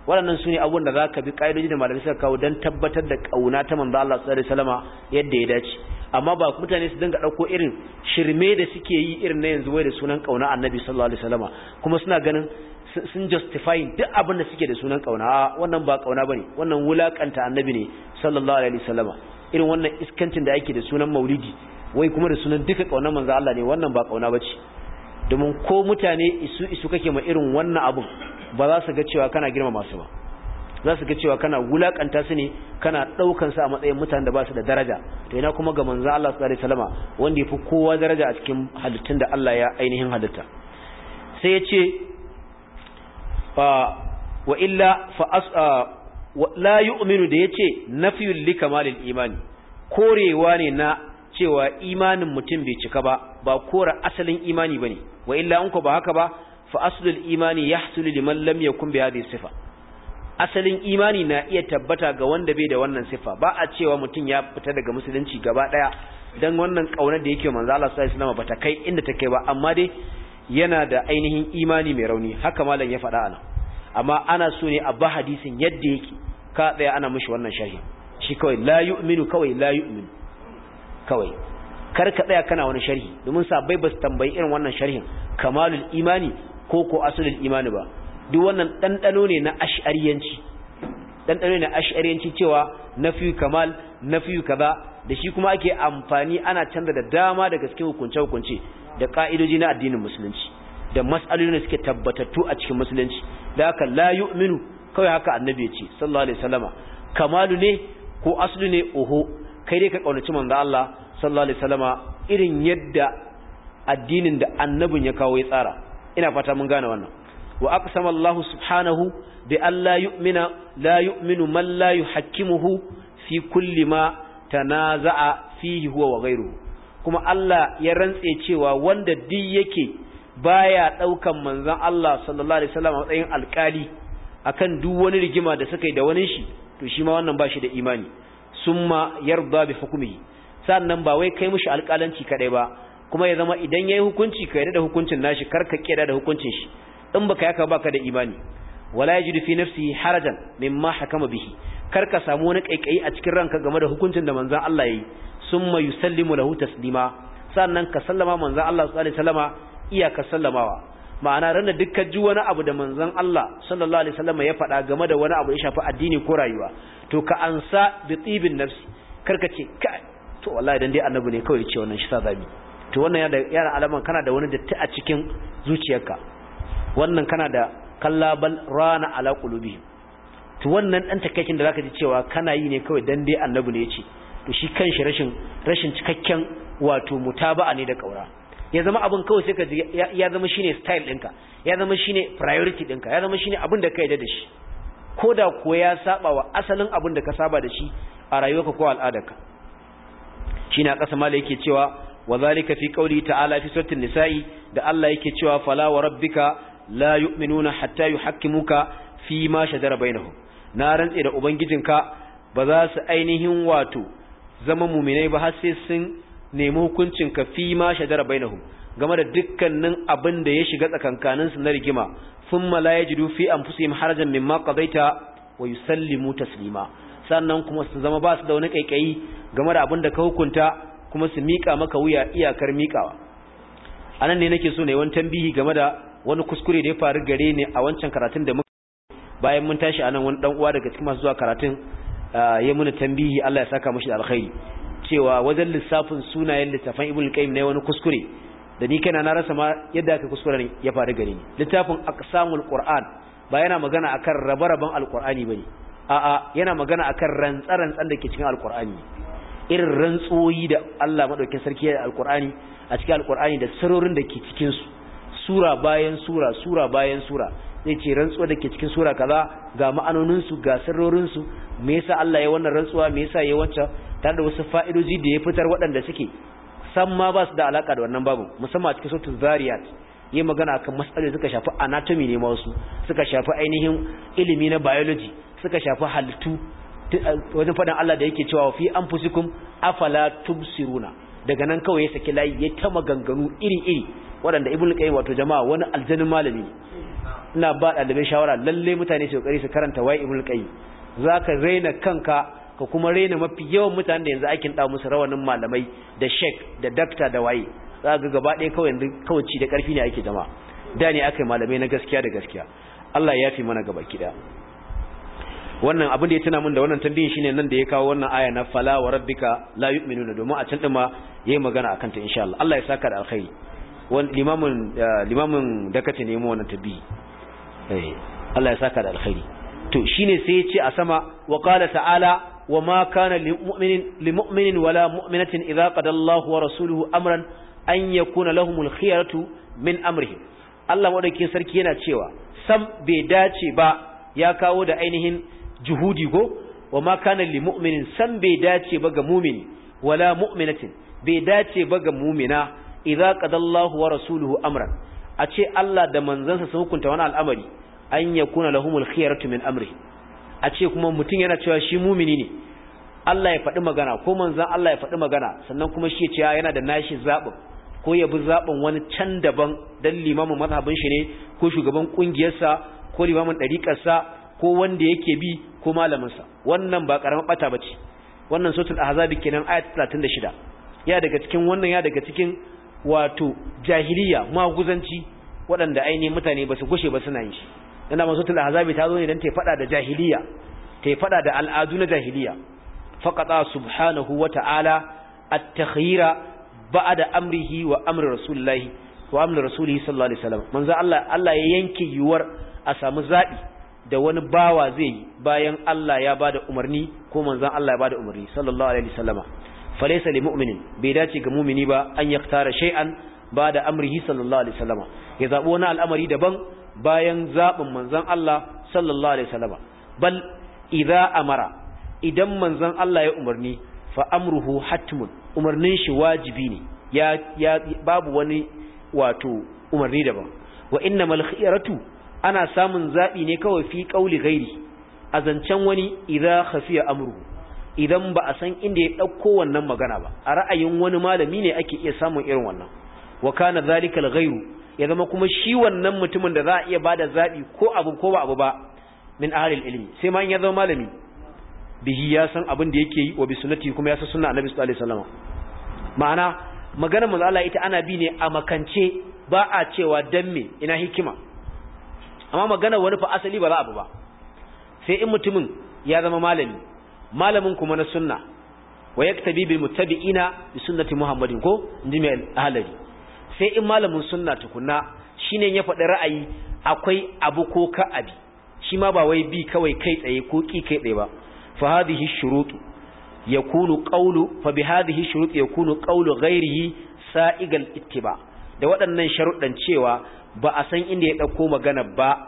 waɗannan su ne abubuwan da za ka bi ƙa'idoji da malamai suka kawo don tabbatar da ƙauna ta manzo Allah sallallahu alaihi wasallam yadda ya dace amma ba mutane su dinga ɗauko irin shirme da suke yi irin na yanzu wai da sunan ƙauna annabi sallallahu alaihi wasallam kuma suna ganin sun justify duk abin da suke da sunan ƙauna wannan ba ƙauna bane wannan wulakanta annabi ne sallallahu alaihi wasallam irin wannan iskancin da ake da sunan maulidi wai kuma da sunan duka ƙaunar manzo Allah ne wannan ba ƙauna bace domin ko mutane isu isu kake ma irin wannan abun ba za su ga cewa kana girma masu ba za su ga cewa kana wulakanta su ne kana daukan su a matsayin mutane da ba su da daraja to ina kuma ga manzo Allah sallallahu alaihi wasallama wanda yafi kowa daraja a cikin halittun da Allah ya ainihin halitta sai ya ce wa illa fa la yu'minu da yace nafiyul likamalil imani korewa ne na cewa imanin mutum bai cika ba ba kora asalin imani bane wa illa in ko ba haka ba fa aslul imani yahsulu liman lam yakun bi hadhihi sifa asalin imani na iya tabbata ga wanda bai da wannan sifa ba a cewa mutum ya fita daga musulunci gaba daya dan wannan kaunar da yake manzo Allah sallallahu alaihi wasallam ta kai inda take ba amma dai yana da ainihin imani mai rauni haka malam ya faɗa anan amma ana so ne a ba hadisin yadda yake ka tsaya ana mishi wannan sharhi shi kawai la yu'minu kawai la yu'minu kawai kar ka tsaya kana wani sharhi domin sabai ba su tambayi irin wannan sharhin kamalul imani ko ko asulul imani ba duk wannan ɗanɗano ne na ash'ariyanci ɗanɗano ne na ash'ariyanci cewa nafi kamal nafi kaza da shi kuma ake amfani ana canza da dama daga cikin hukunce hukunce da ka'idoji na addinin musulunci da mas'alolin da suke tabbatattu a cikin musulunci da haka la yu'minu kawai haka annabi ya ce sallallahu alaihi wasallama kamalu ne ko aslu ne oho kai dai ka kaunaci manzo Allah sallallahu alaihi wasallama irin yadda addinin da annabin ya kawo ya tsara ina fata mun gane wannan wa aqsama Allahu subhanahu bi alla yu'mina la yu'minu man la yuhakkimuhu fi kulli ma tanaza'a fihi huwa wa ghayruhu kuma Allah ya rantse cewa wanda duk yake baya daukan manzon Allah sallallahu alaihi wasallam a matsayin alkali akan duk wani rigima da suka yi da wani shi to shi ma wannan bashi da imani summa yarda bi hukmihi sannan ba wai kai mishi alƙalanci kadai ba kuma ya zama idan yayi hukunci ka yarda da hukuncin nashi kar ka kira da hukuncin shi in baka yaka baka da imani wala yajidu fi nafsihi harajan mimma hakama bihi karka samu wani kaikayi a cikin ranka game da hukuncin da manzon Allah yayi summa yusallimu lahu taslima sannan ka sallama manzon Allah sallallahu alaihi wasallama ka sallamawa ma'ana ranar dukkan ji wani abu da manzon Allah sallallahu alaihi wasallam ya faɗa game da wani abu ya shafi addini ko rayuwa to ka ansa bi tibin nafsi karka ce kai to wallahi dan dai annabi ne kawai ya ce wannan shi sa zabi to wannan yana alaman kana da wani datti a cikin zuciyarka wannan kana da kallabal rana ala qulubi to wannan dan takekin da zaka ji cewa kana yi ne kawai dan dai annabi ne ya ce to shi kanshi rashin rashin cikakken wato mutaba'a ne da kaura ya zama abin kawai sai ka ji ya zama shine style ɗinka ya zama shine priority ɗinka ya zama shine abin da ka yarda da shi ko da kuwa ya saba wa asalin abun da ka saba da shi a rayuwarka ko al'adarka shine a ƙasa mala yake cewa وذلك في قوله fi في سورة nisa'i da Allah yake cewa fala wa rabbika la yu'minuna hatta yuhakkimuka fi ma shajara bainahum na rantse da ubangijinka ba za su ainihin wato zama mu'minai ba har sai sun nemi hukuncin ka fi ma shajara bainahum game da dukkanin abin da ya shiga tsakankanin su na rigima thumma la yajidu fi anfusihim harajan mimma qadaita wa yusallimu taslima sannan kuma su zama ba su da wani kaikayi game da abin da ka hukunta kuma su mika maka wuya iyakar mikawa anan ne nake so ne wani tambihi game da wani kuskure da ya faru gare ni a wancan karatun da muka bayan mun tashi anan wani dan uwa daga cikin masu zuwa karatun ya muna tambihi Allah ya saka mashi da alkhairi cewa wajen lissafin sunayen littafan ibn qayyim ne wani kuskure da ni kana na rasa ma yadda aka ne ya faru gare ni littafin aqsamul qur'an ba yana magana akan rabe-raben alqur'ani bane a'a yana magana akan rantsa-rantsan da ke cikin alkur'ani irin rantsoyi da Allah madaukakin sarki ya alkur'ani a cikin alkur'ani da sarorin da ke cikin su sura bayan sura sura bayan sura zai ce rantsuwa da ke cikin sura kaza ga ma'anonin su ga sarorin su me yasa Allah ya wannan rantsuwa me yasa ya wancan tare da wasu fa'idoji da ya fitar waɗanda suke san ma ba su da alaka da wannan babu musamman a cikin sautin zariyat yi magana akan matsalolin suka shafi anatomy ne ma wasu suka shafi ainihin ilimi na biology suka shafi halittu eh, wajen faɗin Allah da yake cewa fi fusikum afala tubsiruna daga nan kawai ya saki layi ya ta ganganu iri-iri waɗanda ibnu qayyim wato jama'a wani aljanin malami ina ba ɗalibai shawara lalle mutane su kokari su karanta wai ibnu qayyim zaka raina kanka ka kuma raina mafi yawan mutanen da yanzu aikin da musu rawanin malamai da sheikh da dakta da waye za gaba ɗaya kawai yanzu kawai da ƙarfi ne ake jama'a da ne aka malamai na gaskiya da gaskiya Allah ya fi mana gaba kiɗa wannan abin da ya tuna min da wannan tambayin shine nan da ya kawo wannan aya na fala wa rabbika la yu'minuna domin a can din ma yayi magana akan ta insha Allah Allah ya saka da alkhairi eh, wannan limamin limamin da kace nemo wannan tabi eh Allah ya saka da alkhairi to shine sai ya ce a sama wa qala ta'ala wa ma kana limu'minin limu'minin wala mu'minatin idza qada Allahu wa rasuluhu amran an yakuna lahumul khiyaratu min amrihim Allah madaukakin sarki yana cewa sam bai dace ba ya kawo da ainihin juhudi go wa ma kana li mu'minin san bai dace ba ga mu'mini wala mu'minatin bai dace ba ga mu'mina idza qadallahu wa rasuluhu amran a ce Allah da manzansa sun hukunta wani al'amari an yakuna lahumul khiyaratu min amri a ce kuma mutum yana cewa shi mu'mini ne Allah ya faɗi magana ko manzan Allah ya faɗi magana sannan kuma shi ya ce yana da nashi zaɓin ko ya bi zaɓin wani can daban dan limamin mazhabin shi ne ko shugaban kungiyarsa ko limamin ɗariƙarsa ko wanda yake bi ko malaminsa wannan ba karamar bata bace wannan suratul ahzab kenan ayat 36 ya daga cikin wannan ya daga cikin wato jahiliya maguzanci waɗanda ainihin mutane ba su gushe ba suna yin shi dan amma suratul ahzab ta zo ne dan ta fada da jahiliya ta fada da al'adu na jahiliya faqata subhanahu wa ta'ala at-takhyira ba'da amrihi wa amri rasulillahi wa amri rasulihi sallallahu alaihi wasallam manzo Allah Allah ya yanke yuwar a samu zabi da wani bawa zai yi bayan Allah ya bada umarni ko manzon Allah ya bada umarni sallallahu alaihi wasallama falaysa lil mu'minin bai dace ga mu'mini ba an yaktara shay'an bada amrihi sallallahu alaihi wasallama ya zabo wani al'amari daban bayan zabin manzon Allah sallallahu alaihi wasallama bal idza amara idan manzon Allah ya umarni fa amruhu hatmun umarnin shi wajibi ne ya babu wani wato umarni daban wa innamal khiyaratu ana samun zaɓi ne kawai fi ƙauli gairi a zancen wani idan khafiya amru idan ba a san inda ya ɗauko wannan magana ba a ra'ayin wani malami ne ake iya samun irin wannan Wakana, kana zalikal ghairu ya zama kuma shi wannan mutumin da za a iya bada zaɓi ko abu ko ba abu ba min ahlil ilmi sai ma in ya zama malami bihi ya san abin da yake yi wa bisunati kuma ya san sunna annabi sallallahu alaihi wasallam ma'ana maganar manzo Allah ita ana bi ne a makance ba a cewa dan me ina hikima amma magana wani fa asali ba za a bi ba sai in mutumin ya zama malami malamin kuma na sunna wa yaktabi bil muttabi'ina bi sunnati muhammadin ko inji mai ahlari sai in malamin sunna tukunna shine ya faɗi ra'ayi akwai abu ko ka abi shi ma ba wai bi kawai kai tsaye ko ki kai tsaye ba fa hadhihi shurutu yakunu qawlu fa bi hadhihi shurutu yakunu qawlu ghairihi sa'igal ittiba da waɗannan sharuɗan cewa ba a san inda ya ɗauko magana ba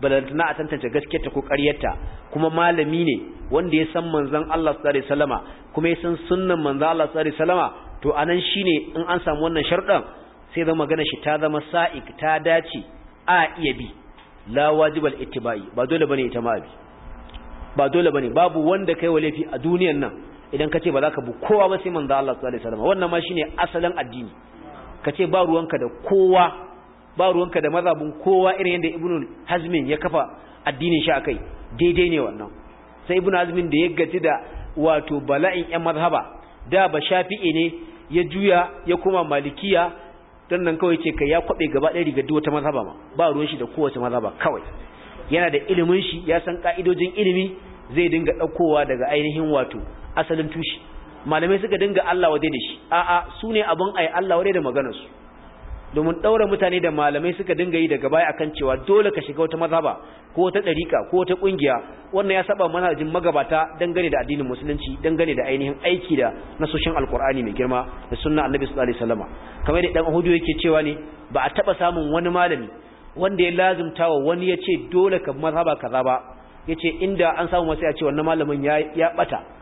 balantana a tantance gaskiyarta ko ƙaryarta kuma malami ne wanda ya san manzon Allah sallallahu alaihi wasallama kuma ya san sunnan manzon Allah sallallahu alaihi wasallama to anan shine in an samu wannan sharɗan sai zama magana shi ta zama sa'iq ta dace a iya bi la wajibal ittiba'i ba dole bane ita ma bi ba dole bane babu wanda kai walafi a duniyar nan idan kace ba za ka bu kowa ba sai manzon Allah sallallahu alaihi wasallama wannan ma shine asalin addini kace ba ruwanka da kowa ba ruwanka da mazabin kowa irin yadda ibnu hazmin ya kafa addinin shi akai daidai ne wannan sai ibnu hazmin da ya gaji da wato bala'in yan mazhaba da ba shafi'i ne ya juya ya kuma malikiya dan nan kawai ce kai ya kwabe gaba ɗaya duk wata mazhaba ma ba ruwan shi da kowace mazhaba kawai yana da ilimin shi ya san ka'idojin ilimi zai dinga ɗaukowa daga ainihin wato asalin tushi. malamai suka dinga Allah wade da shi a'a su ne a ai Allah wade da su domin ɗaura mutane da malamai suka dinga yi daga baya akan cewa dole ka shiga wata mazhaba ko wata ɗariƙa ko wata ƙungiya wannan ya saba manhajin magabata dangane da addinin musulunci dangane da ainihin aiki da nasoshin alkur'ani mai girma da sunna annabi sallallahu alaihi wasallama kamar da dan ahudu yake cewa ne ba a taba samun wani malami wanda ya lazumta wa wani ya ce dole ka mazhaba kaza ba ya ce inda an samu masa ya ce wannan malamin ya bata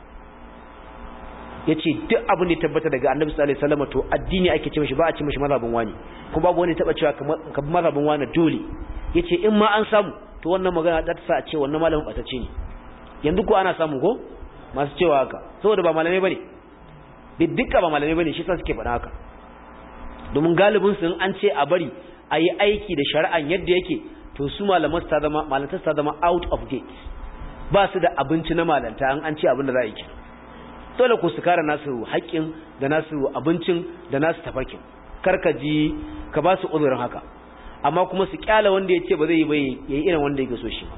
Ya ce duk abin da ya tabbata daga annabi sallallahu alaihi wasallam to addini ake ce shi ba a ce mishi mazhabin wani kuma babu wani taba cewa kamar mazhabin wani dole ce in ma an samu to wannan magana da ta sa a ce wannan malamin batace ne yanzu ko ana samu ko masu cewa haka saboda ba malamai bane dukka ba malamai bane shi sa suke faɗa haka domin galibin su an ce a bari a yi aiki da shari'an yadda yake to su malaman ta zama malantar ta zama out of gate ba su da abinci na malanta an ce abin da za a yi kenan dole ku su kare nasu haƙƙin da nasu abincin da nasu tafakin karka ji ka ba su uzurin haka amma kuma su kyala wanda ya ce ba zai yi bai ya yi irin wanda ya so shi ba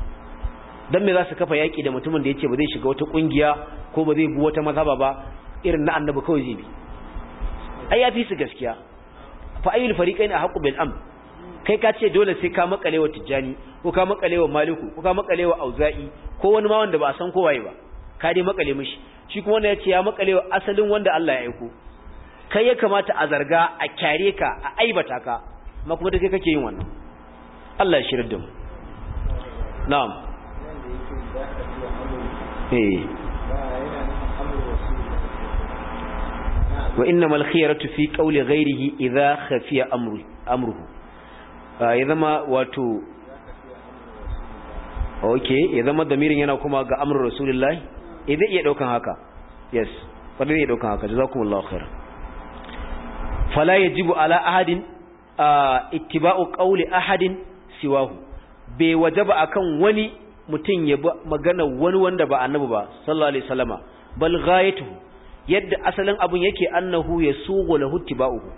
don me za su kafa yaƙi da mutumin da ya ce ba zai shiga wata ƙungiya ko ba zai bi wata mazaba ba irin na annabi kawai zai bi ai ya fi su gaskiya fa ayyul fariqain ahqqu bil am kai ka ce dole sai ka makale wa tijjani ko ka makalewa maliku ko ka makalewa auza'i ko wani ma wanda ba a san kowaye ba ka dai makale mishi shi kuma wanda yace ya makale wa asalin wanda Allah ya aiko kai ya kamata a zarga a kyare ka a aibata ka amma kuma da kai kake yin wannan Allah ya shirin da mu na'am eh wa innamal khiyaratu fi qawli ghayrihi idha khafiya amru amruhu ah, ya ma wato okay ya ma damirin yana kuma ga amrul rasulullahi idan eh, zai iya daukan haka yes fa zai iya daukan haka jazakumullahu khairan fala yajibu ala ahadin ittiba'u qawli ahadin siwahu bai wajaba akan wani mutum ya magana wani wanda ba annabi ba sallallahu alaihi wasallama bal ghayatuhu yadda asalin abun yake annahu yasughu lahu ittiba'uhu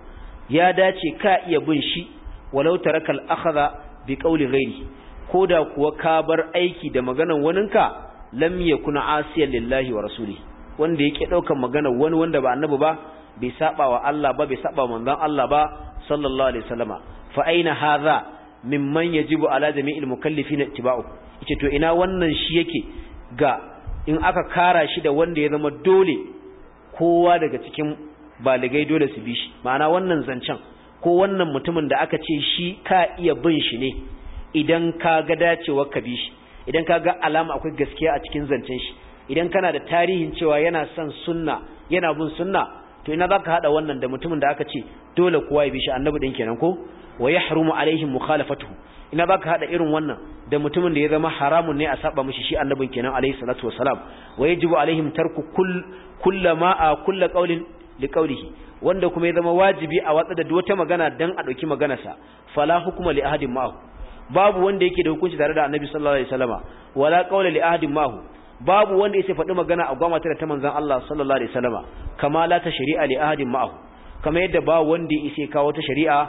ya dace ka iya bin shi walau tarakal akhadha bi qawli ghairi koda kuwa ka bar aiki da maganar waninka lam yakuna asiyan lillahi wa rasuli wanda yake daukan magana wani wanda ba annabi ba bai saba wa Allah ba bai saba manzon Allah ba sallallahu alaihi wasallama fa aina hadha mimman yajibu ala jami'il mukallifin ittiba'u yace to ina wannan shi yake ga in aka kara shi da wanda ya zama dole kowa daga cikin baligai dole su bi shi ma'ana wannan zancen ko wannan mutumin da aka ce shi ka iya bin shi ne idan ka ga dacewar ka bi shi idan ka ga alama akwai gaskiya a cikin zancen shi idan kana da tarihin cewa yana son sunna yana bin sunna to ina zaka haɗa wannan da mutumin da aka ce dole kowa ya bi shi annabi din kenan ko wa yahrumu alaihim mukhalafatuhu ina zaka hada irin wannan da mutumin da ya zama haramun ne a saba mishi shi annabin kenan alaihi salatu wassalam wa yajibu alaihim tarku kull kullama a kullu li qaulihi wanda kuma ya zama wajibi a watsa da wata magana dan a dauki maganarsa fala hukuma li ahadin ma'ahu babu wanda yake da hukunci tare da annabi sallallahu alaihi wasallama wala qawla li ahadin mahu babu wanda yake faɗi magana a gwamnati tare ta manzon Allah sallallahu alaihi wasallama kama la ta shari'a li ahadin ma'ahu kama yadda ba wanda yake kawo ta shari'a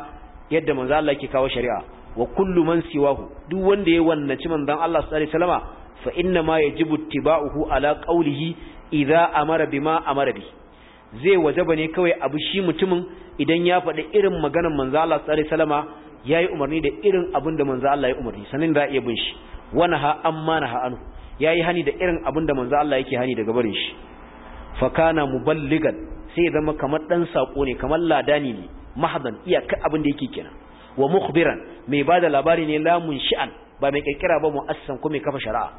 yadda manzon Allah yake kawo shari'a wa kullu man siwahu duk wanda ya wannaci manzon Allah sallallahu alaihi wasallama fa inna ma yajibu ittiba'uhu ala qawlihi idza amara bima amara bi zai wajaba ne kawai abu shi mutumin idan ya faɗi irin maganar manzon Allah sallallahu alaihi wasallama Ya yi umarni da irin abin da manzo Allah ya umarni sanin da iya bin shi wani ha an na ha anu yayi hani da irin abin da manzo Allah yake hani daga barin shi Fakana mu muballigan sai ya zama kamar dan sako ne kamar ladani ne mahdan iyaka abin da yake kenan wa mukhbiran mai ba da labari ne lamun shi'an ba mai kirkira ba mu'assan ko mai kafa shari'a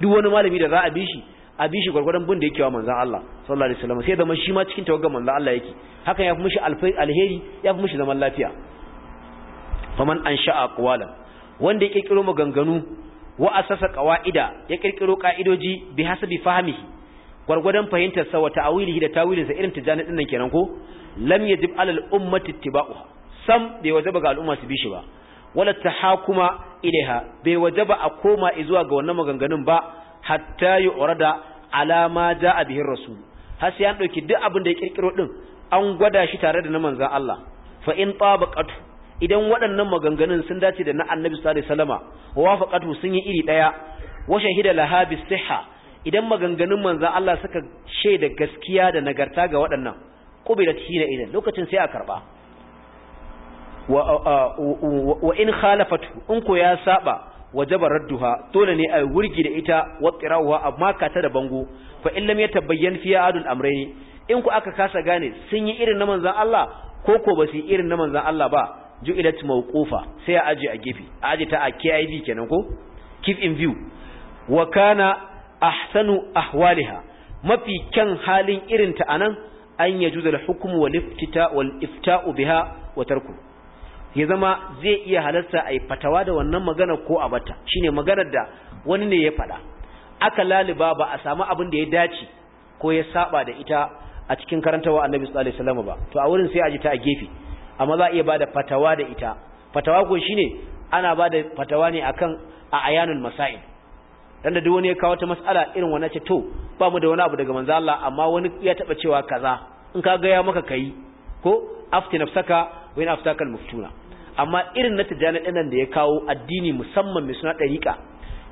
duk wani malami da za a bi shi a bi shi gwargwadon bin da yake wa manzon Allah sallallahu alaihi wasallam sai da shi ma cikin tawagga manzon Allah yake hakan ya fi mishi alheri ya fi mishi zaman lafiya faman ansha aqwalan wanda ya kirkiro maganganu wa asasa qawaida ya kirkiro kaidoji bi hasabi fahmihi fahimtar sa wa ta'wilihi da tawilin sa irin tijani dinnan kenan ko lam yajib alal ummati ittiba'uha sam bai wajaba ga al'umma su bi shi ba wala tahakuma ilaiha bai wajaba a koma zuwa ga wannan maganganun ba hatta yu'rada ala ma ja'a bihi rasul har sai an dauki duk abin da ya kirkiro din an gwada shi tare da na manzon Allah fa in tabaqatu idan waɗannan maganganun sun dace da na annabi sallallahu alaihi wasallama wafaqatu sun yi iri daya wa shahida laha sihha idan maganganun manzon Allah suka shaida gaskiya da nagarta ga waɗannan qubilat hina idan lokacin sai a karba wa in khalafatu in ko ya saba wajaba radduha dole ne a wurgi da ita wa qira'uha amma ka ta da bango fa in lam yatabayyan fi adul amrayni in ku aka kasa gane sun yi irin na manzon Allah ko ko ba su yi irin na manzon Allah ba ju'ilat mawqufa sai a aje a gefe a aje ta a KIV kenan ko keep in view wa kana ahsanu ahwaliha mafi kyan halin irin ta anan an yajuzul hukm wal iftita wal ifta'u biha wa tarku ya zama zai iya halarta ai fatawa da wannan magana ko a bata shine maganar da wani ne ya fada aka laliba ba a samu abin da ya dace ko ya saba da ita a cikin karantawa Annabi sallallahu alaihi wasallam ba to a wurin sai a ji ta a gefe amma za a iya bada fatawa da ita fatawa ko shine ana ba da fatawa ne akan a ayanul masail dan da duk wani ya kawo ta mas'ala irin wannan ce to ba mu da wani abu daga manzo Allah amma wani ya taba cewa kaza in ka ga ya maka kai ko afti nafsaka wa in aftaka al muftuna amma irin na tijana dinan da ya kawo addini musamman mai suna dariqa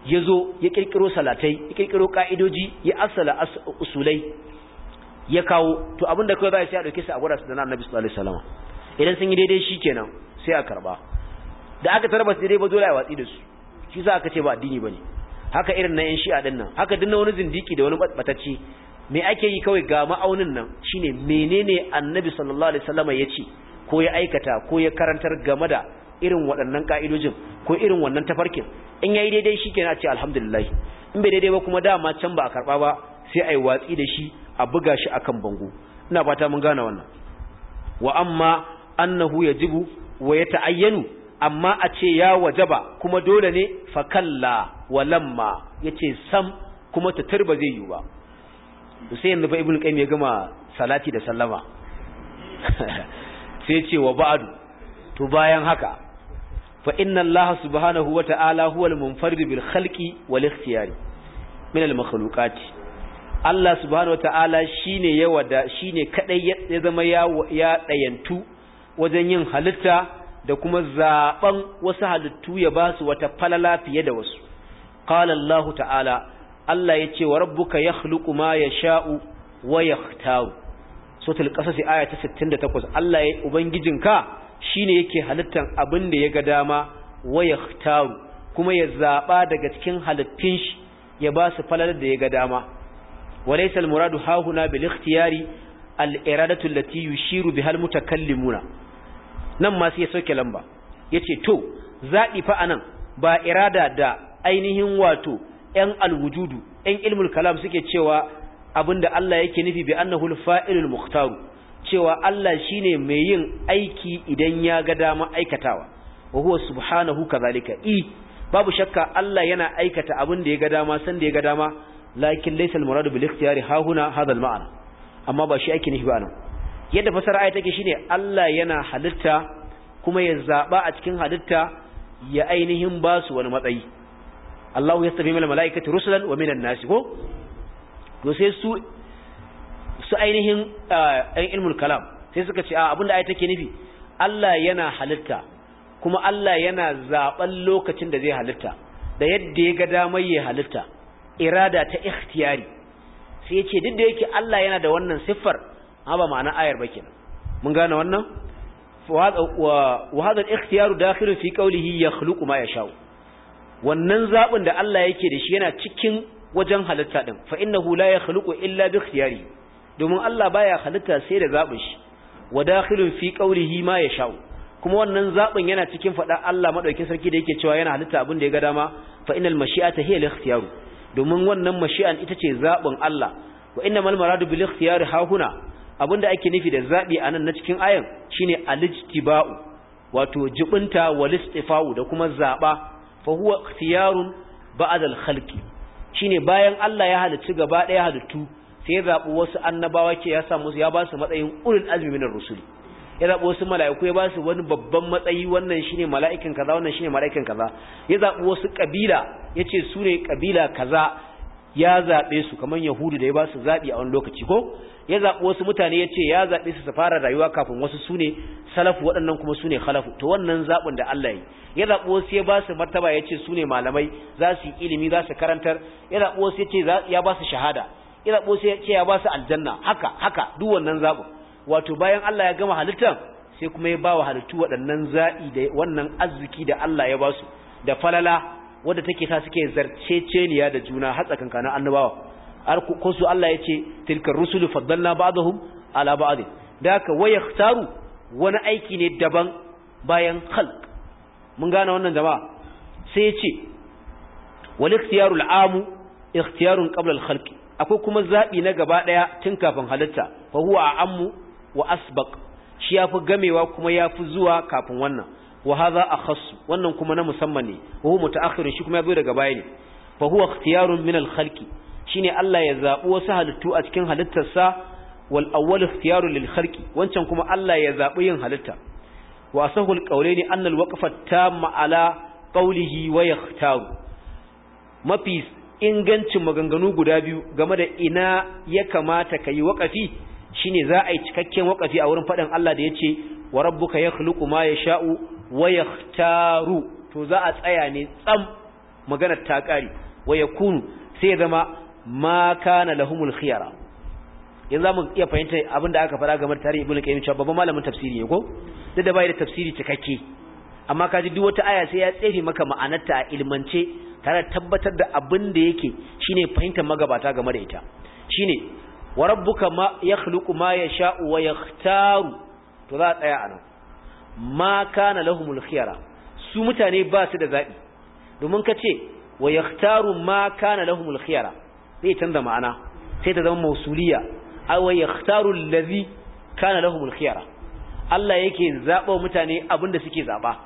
yazo ya kirkiro salatai ya kirkiro ka'idoji ya asala usulai ya kawo to abinda kai za yi sai a dauke su a gura su da annabi sallallahu alaihi wasallam idan sun yi daidai shi kenan sai a karba da aka tarba su daidai ba dole a watsi da su shi sa aka ce ba addini ba ne haka irin na yan shi'a nan. haka dinna wani zindiki da wani batacce, me ake yi kawai ga ma'aunin nan shine menene annabi sallallahu alaihi wasallam ya ce ko ya aikata ko ya karantar game da irin waɗannan ka'idojin ko irin wannan tafarkin in yayi daidai shikenan a ce alhamdulillah in bai daidai ba kuma dama can ba a karba ba sai ai watsi da shi a buga shi akan bango ina fata mun gane wannan wa amma annahu yajibu wa yata'ayyanu amma a ce ya wajaba kuma dole ne fa kalla wa lamma yace sam kuma tatar ba zai yi ba sai yanzu fa ibnu qayyim ya gama salati da sallama sai ce wa ba'du to bayan haka fa inna allaha subhanahu wa ta'ala huwal munfarid bil khalqi wal ikhtiyari min al makhluqati Allah subhanahu wa ta'ala shine ya wada shine kadai ya zama ya ya dayantu wajen yin halitta da kuma zaben wasu halittu ya ba su wata falala fiye da wasu qala Allah ta'ala Allah ya ce wa rabbuka yakhluqu ma ya shau wa taru suratul qasas aya ta 68 Allah ya ubangijinka ne yake halittar abin da ya ga dama wa taru kuma ya zaɓa daga cikin halittun shi ya ba su falalar da ya ga dama walaisal muradu hahuna bil ikhtiyari al-iradatu allati yushiru mutakallimuna nan ma sai ya sauke lamba yace to zaɓi fa anan ba irada da ainihin wato ‘yan alwujudu ‘yan ilmul kalam suke cewa abinda Allah yake nufi bi annahul fa'ilul muhtaru cewa Allah shine mai yin aiki idan ya ga dama aikatawa wa huwa subhanahu kazalika i babu shakka Allah yana aikata abin da ya ga dama san da ya ga dama lakin laysa al muradu bil ikhtiyari ha huna hadha al ma'ana amma ba shi ake nufi ba nan yadda fasara aya take shine Allah yana halitta kuma ya zaba a cikin halitta ya ainihin ba su wani matsayi Allahu yastabi minal malaikati rusulan wa minan nas ko to sai su su ainihin ɗan ilmul kalam sai suka ce a abinda aya take nufi Allah yana halitta kuma Allah yana zaban lokacin da zai halitta da yadda ya ga damar ya halitta irada ta ikhtiyari sai ya ce duk da yake Allah yana da wannan siffar amma ba ma'ana ayar ba kenan mun gane wannan wa hadha al-ikhtiyaru dakhilun fi qawlihi yakhluqu ma yasha'u wannan zabin da Allah yake da shi yana cikin wajen halitta din fa innahu la yakhluqu illa bi ikhtiyari domin Allah baya halitta sai da zabin shi wa dakhilun fi qawlihi ma yasha'u kuma wannan zabin yana cikin fada Allah madaukin sarki da yake cewa yana halitta abin da ya ga dama fa innal mashi'ata hiya al-ikhtiyaru domin wannan mashi'an ita ce zabin Allah wa innamal maradu bil ikhtiyari hahuna Abin da ake nufi da zaɓi a nan na cikin ayan shine alijtiba'u wato jibinta wal istifa'u da kuma zaba fa huwa ikhtiyarun ba'd al khalqi shine bayan Allah ya halicci gaba daya halittu sai ya zabi wasu annabawa ke ya sa musu ya ba su matsayin ulul azmi minar rusuli ya zabu wasu mala'iku ya ba su wani babban matsayi wannan shine mala'ikin kaza wannan shine mala'ikin kaza ya zabu wasu kabila yace su ne kabila kaza ya zaɓe su kamar yahudu da ya ba su zaɓi a wani lokaci ko ya zaɓi wasu mutane ya ce ya zaɓe su su fara rayuwa kafin wasu su ne salafu waɗannan kuma su ne halafu to wannan zaɓin da Allah yi ya zaɓi wasu ya ba su martaba ya ce su ne malamai za su yi ilimi za su karantar ya zaɓi wasu ya ce ya ba su shahada ya zaɓi wasu ya ce ya ba su aljanna haka haka duk wannan zaɓin wato bayan Allah ya gama halittar sai kuma ya ba wa halittu waɗannan zaɓi da wannan arziki da Allah ya ba su da falala wadda take ta suke zarceceniya da juna har kana annabawa har ko su Allah ya ce tilka rusulu faddalna ba'dahum ala ba'd da haka waya taru wani aiki ne daban bayan khalq mun gane wannan jama'a sai ya ce wal ikhtiyarul amu ikhtiyarun qabla al akwai kuma zabi na gaba daya tun kafin halitta fa huwa ammu wa asbaq shi yafi gamewa kuma yafi zuwa kafin wannan wa hadha akhas wannan kuma na musamman ne wa huwa mutaakhir shi kuma ya zo daga baya ne fa huwa ikhtiyarun min al-khalqi shine Allah ya zabi wasu halittu a cikin halittarsa wal awwal ikhtiyarun lil khalqi wancan kuma Allah ya zaɓi yin halitta wa asahu al-qawlaini anna al-waqfa tamma ala qawlihi wa yakhtaru mafi ingancin maganganu guda biyu game da ina ya kamata ka yi waƙafi shine za a yi cikakken wakafi a wurin faɗin Allah da ya ce wa rabbuka yakhluqu ma yasha'u wa taru to za a tsaya ne tsam maganar ta kare wa yakunu sai zama ma kana lahumul khiyara yanzu zamu iya fahimta abin da aka fara game da tarihi ibnu qayyim cewa babban malamin tafsiri ne ko duk da bai da tafsiri cikakke amma kaji duk wata aya sai ya tsefe maka ma'anarta a ilmance tare da tabbatar da abin da yake shine fahimtar magabata game da ita shine wa rabbuka ma yakhluqu ma yasha'u wa yakhtaru to za a tsaya a nan ma kana lahumul khiyara su mutane ba su da zaɓi domin ka ce wa yaktaru ma kana lahumul khiyara canza ma'ana sai ta zama mausuliya ai wa yaktaru allazi kana lahumul khiyara Allah yake zaɓa mutane abinda suke zaɓa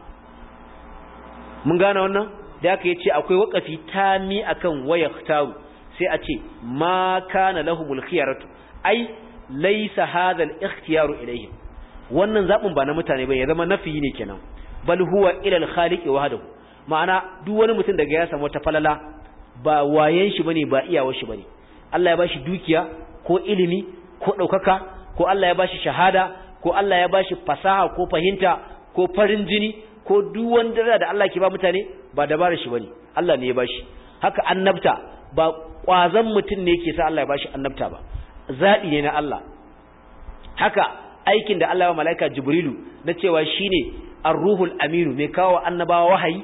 mun gane wannan da aka yace akwai wakafi tami akan wa yaktaru sai a ce ma kana lahumul khiyaratu ai laysa hadha al ikhtiyaru ilayhim wannan zabin ba na mutane ba ya zama nafi ne kenan bal huwa ila al-khaliq wahdahu ma'ana duk wani mutum daga ya samu wata falala ba wayen shi bane ba iyawar shi bane Allah ya bashi dukiya ko ilimi ko daukaka ko Allah ya bashi shahada ko Allah ya bashi fasaha ko fahimta ko farin jini ko duk wani da Allah ke ba mutane ba dabarar shi bane Allah ne ya bashi haka annabta ba kwazan mutum ne yake sa Allah ya bashi annabta ba zabi ne na Allah haka aikin da Allah ya malaika jibrilu na cewa shine ar-ruhul aminu mai kawo annabawa wahayi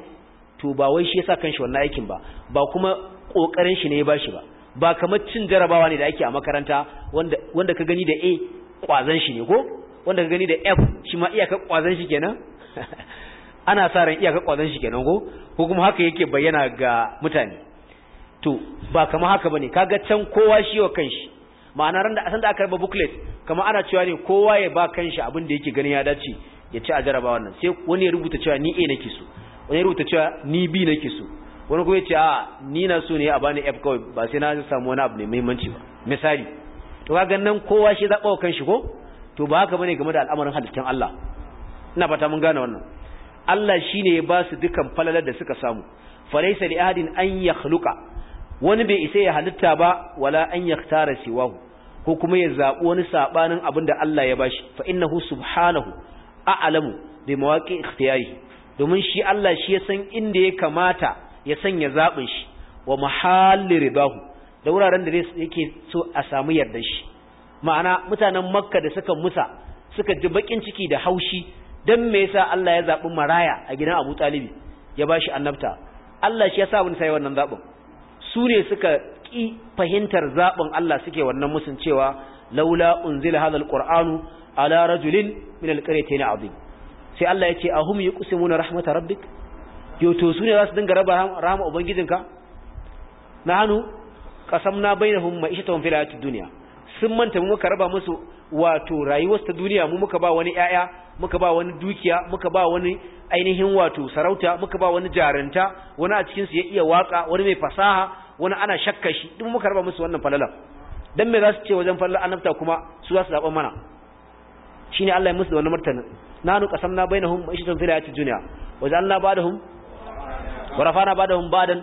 to ba wai shi yasa kanshi wannan aikin ba ba kuma kokarin shi ne ya bashi ba ba kamar cin jarabawa ne da ake a makaranta wanda wanda ka gani da A kwazan shi ne ko wanda ka gani da F shi ma iyakar kwazan shi kenan ana sa ran iyakar kwazan shi kenan ko ko kuma haka yake bayyana ga mutane to ba kama haka bane kaga can kowa shi wa kanshi ma'ana ran da san da aka raba booklet kamar ana cewa ne kowa ya ba kanshi abin da yake ganin ya dace ya ci a jaraba wannan sai wani ya rubuta cewa ni A nake so wani ya rubuta cewa ni B nake so wani kuma ya ce a ni na so ne a bani F kawai ba sai na samu wani abu ne muhimmanci ba misali to ga nan kowa shi zaba wa kanshi ko to ba haka bane game da al'amarin halittun Allah ina fata mun gane wannan Allah shine ya ba su dukan falalar da suka samu falaysa li ahadin an yakhluqa wani bai isa ya halitta ba wala an yakhtara siwahu ko kuma ya zaɓi wani saɓanin abin da Allah ya bashi fa innahu subhanahu a'lamu bi mawaqi ikhtiyari domin shi Allah shi ya san inda ya kamata ya sanya zaɓin shi wa mahalli ribahu da wuraren da yake so a samu yardar shi ma'ana mutanen makka da suka musa suka ji bakin ciki da haushi dan me yasa Allah ya zaɓi maraya a gidan Abu Talibi ya bashi annabta Allah shi ya sa mun sai wannan zaɓin su ne suka fahimtar zaɓin Allah suke wannan musun cewa laula unzila hadal qur'anu ala rajulin min alqaratayn azim sai Allah yace ahum yuqsimuna rahmat rabbik yo to sune za su dinga raba rahama ubangijinka nahnu qasamna bainahum ma'ishatuhum fil hayatid dunya sun manta mu muka raba musu wato rayuwar ta duniya mu muka ba wani yaya muka ba wani dukiya muka ba wani ainihin wato sarauta muka ba wani jaranta wani a cikin su ya iya waka wani mai fasaha wani ana shakka shi duk muka raba musu wannan falalan dan me za su ce wajen falalan annabta kuma su za su zaɓa mana shine Allah ya musu da wannan martani nanu qasamna bainahum ishatan fil hayatid dunya wa ja'alna ba'dahum wa rafa'na ba'dahum ba'dan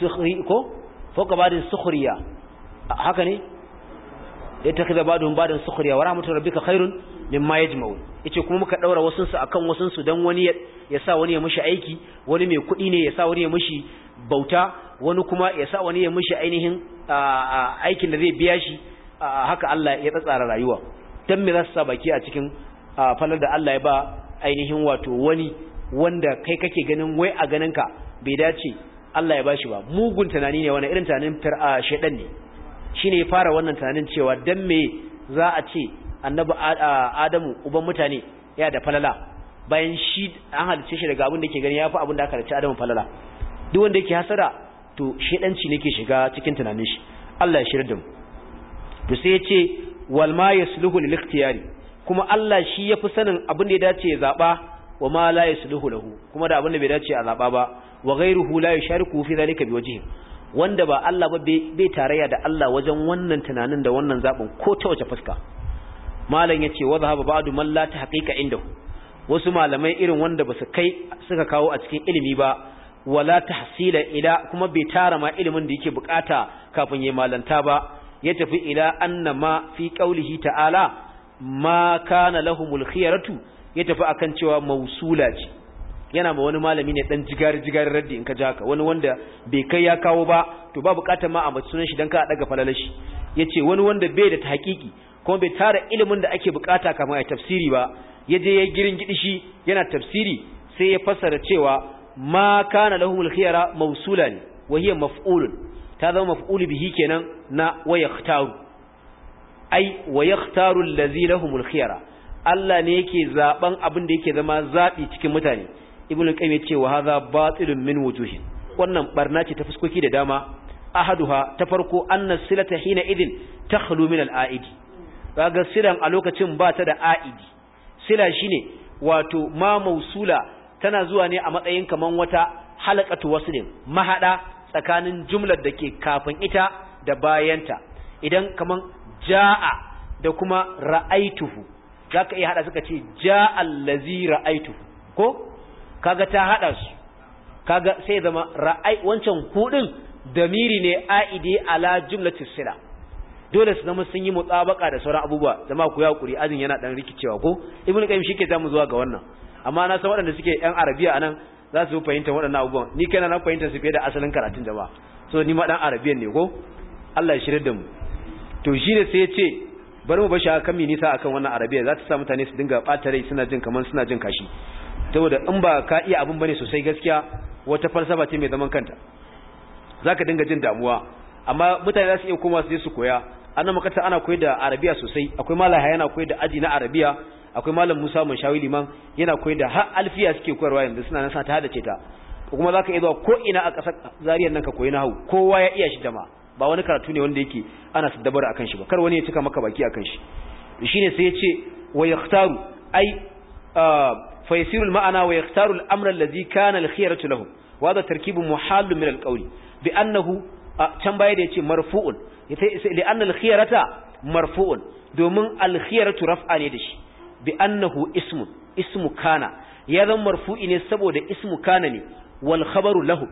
sukhri ko fawqa ba'din sukhriya haka ne ya takhadha ba'dahum ba'dan sukhriya wa rahmatu rabbika khairun ma yajma'u yace kuma muka daura wasun su akan wasun su dan wani ya sa wani ya mishi aiki wani mai kuɗi ne ya sa wani ya mishi bauta wani kuma ya sa wani ya mishi ainihin aikin da zai biya shi haka Allah ya tsara rayuwa dan me za baki a cikin falar da Allah ya ba ainihin wato wani wanda kai kake ganin wai a ganin ka bai dace Allah ya bashi ba mugun tunani ne wani irin tunanin fir'a shedan ne shine ya fara wannan tunanin cewa dan me za a ce annabi adamu uban mutane ya da falala bayan shi an halice shi daga abin da ke gani ya fi abin da aka halice adamu falala duk wanda yake hasara to shedanci ne ke shiga cikin tunanin shi Allah ya shirya da mu to sai ya ce wal ma yasluhu lil ikhtiyari kuma Allah shi ya fi sanin abin da ya dace ya zaba wa ma la yasluhu lahu kuma da abin da bai dace a zaba ba wa ghayruhu la yushariku fi zalika biwajhi wanda ba Allah ba bai tarayya da Allah wajen wannan tunanin da wannan zabin ko ta wace fuska malam yace wa zahaba ba'du man la tahqiqa indahu wasu malamai irin wanda basu kai suka kawo a cikin ilimi ba wala tahsila ila kuma bai tara ma ilimin da yake bukata kafin ya malanta ba ya tafi ila annama fi qaulihi ta'ala ma kana lahumul khiyaratu ya tafi akan cewa mausula ce yana ma wani malami ne dan jigari jigari raddi in ka ji ka wani wanda bai kai ya kawo ba to ba bukatar ma a mace sunan shi dan ka daga falalashi yace wani wanda bai da tahqiqi kuma bai tara ilimin da ake bukata kamar ya tafsiri ba ya je ya girin gidishi yana tafsiri sai ya fassara cewa ma kana lahumul khiyara mawsulan wa hiya maf'ulun ta zama maf'ul bihi kenan na wa yakhtaru ai wa yakhtaru allazi lahumul khiyara Allah ne yake zaben abin da yake zama zabi cikin mutane ibnu qayyim ya ce wa hadha batilun min wujuhin wannan barna ce ta fuskoki da dama ahaduha ta farko anna silata hina idin takhlu min al-aidi kaga silan a lokacin ba ta da aidi sila shine wato ma mausula tana zuwa ne a matsayin kaman wata halaqatu waslin mahada tsakanin jumlar da ke kafin ita da bayanta idan kaman jaa da kuma ra'aituhu zaka iya hada suka ce jaa allazi ra'aituhu ko kaga ta hada su kaga sai zama ra'ai wancan hudin damiri ne aidi ala jumlatis sila dole su zama sun yi mutsabaka da sauran abubuwa zama ku ya kuri azin yana dan rikicewa ko ibnu qayyim shike zamu zuwa ga wannan amma na san waɗanda suke yan arabiya anan za su fahimta waɗannan abubuwan ni kana na fahimta su fiye da asalin karatun jama'a so ni ma dan arabiyan ne ko Allah ya shirye da mu to shi ne sai ya ce bari mu bashi haka mi nisa akan wannan arabiya za ta sa mutane su dinga bata rai suna jin kaman suna jin kashi saboda in ba ka iya abin bane sosai gaskiya wata falsafa ce mai zaman kanta zaka dinga jin damuwa amma mutane za su iya koma su je su koya ana makata ana koyar da arabiya sosai akwai malam yana koyar da aji na arabiya akwai malam musa mun shawi liman yana koyar da har alfiya suke koyarwa yanzu suna nan sa ta hada kuma zaka iya zuwa ko ina a ƙasar zariyar nan ka koyi nahu kowa ya iya shi dama ba wani karatu ne wanda yake ana saddabar akan shi ba kar wani ya cika maka baki akan shi shine sai ya ce wa yaktaru ai fa yasiru al ma'ana wa yaktaru al amra allazi kana al khiyaratu lahu wa min bi annahu can baya da ce marfu'un li'anna al-khiyarata marfu'un domin al-khiyaratu raf'a ne da shi bi annahu ismu ismu kana ya zama marfu'i ne saboda ismu kana ne wal khabaru lahu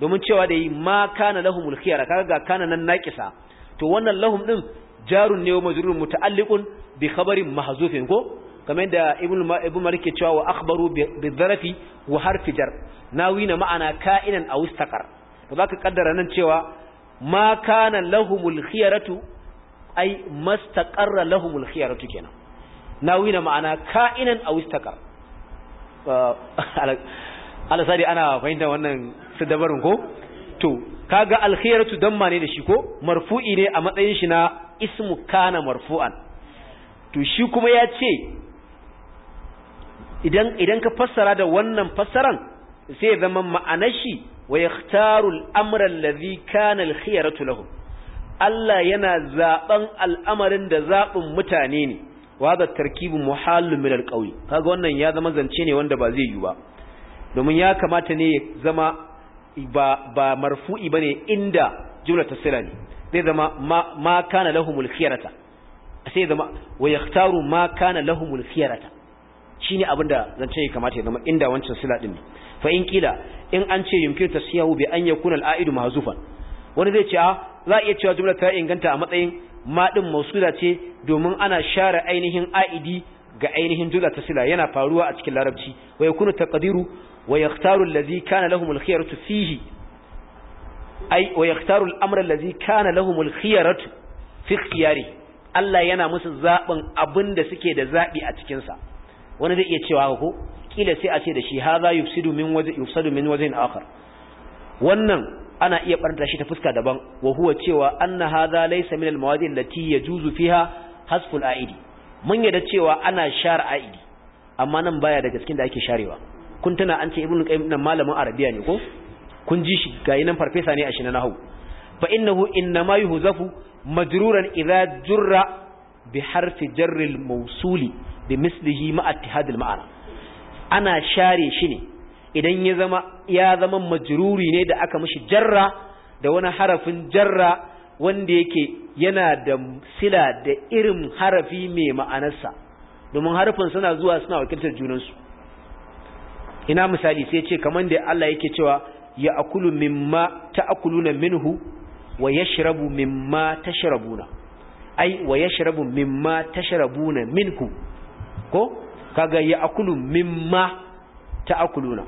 domin cewa da yi ma kana lahumul khiyara kaga ga kana nan naqisa to wannan lahum ɗin jarun ne wa majrurun muta'alliqun bi khabarin mahzufin ko kamar da ibn ibn malik cewa wa akhbaru bi dharafi wa harfi jar nawi na ma'ana ka'inan a istaqar to zaka kaddara nan cewa ma kana lahumul khiyaratu ai mastaqarra lahumul khiyaratu kenan nawi na ma'ana ka'inan aw istaqar uh, sai ana fahimta wannan sadabarin ko to kaga khiyaratu dan mane da shi ko marfu'i ne a matsayin shi na ismu kana marfu'an to shi kuma ya ce idan idan ka fassara da wannan fassaran sai zama ma'anar shi wa yakhtaru al-amra alladhi kana al-khiyaratu lahu Allah yana zaben al'amarin da zabin mutane ne wa ga tarkibu muhallun min al-qawli kaga wannan ya zama zance ne wanda ba zai yi ba domin ya kamata ne zama ba ba marfu'i bane inda jumla ta sirani zai zama ma, kana kana lahumul khiyarata sai zama wa yakhtaru ma kana lahumul khiyarata shine abinda zance ya kamata ya zama inda wancan sila din ne fa in kila in an ce yumkin tasyahu bi an yakuna al-a'idu mahzufan wani zai ce ah, a za iya cewa jumla ta inganta a matsayin madin mausuda ce domin ana share ainihin a'idi ga ainihin jumla ta sila yana faruwa a cikin larabci wa yakunu taqdiru wa yaktaru allazi kana lahum al fihi ay wa yaktaru allazi kana lahum fi ikhtiyari Allah yana musu zaɓin abin da suke da zaɓi a cikinsa wani zai iya cewa ko kila sai a ce da shi haza yufsidu min waje yufsadu min akhar wannan ana iya barnta shi ta fuska daban wa huwa cewa anna haza laysa min almawadi allati yajuzu fiha hasful aidi mun yadda cewa ana share aidi amma nan baya da gaskin da ake sharewa kun tana an ce ibnu qayyim nan malamin arabiya ne ko kun ji shi gayi nan farfesa ne a shi na Ba fa innahu innama yuhzafu majruran idha jurra bi harfi jarril mawsuli bi mislihi ma ittihadil ma'ana ana share shi ne idan ya zama ya zama majruri ne da aka mishi jarra da wani harafin jarra wanda yake yana da sila da irin harafi mai ma'anarsa domin harafin suna zuwa suna wakiltar junansu ina misali sai ce kamar da Allah yake cewa ya akulu mimma ta'kuluna minhu wa yashrabu mimma tashrabuna ai wa yashrabu mimma tashrabuna minhu ko kaga ya akulu mimma ta akuluna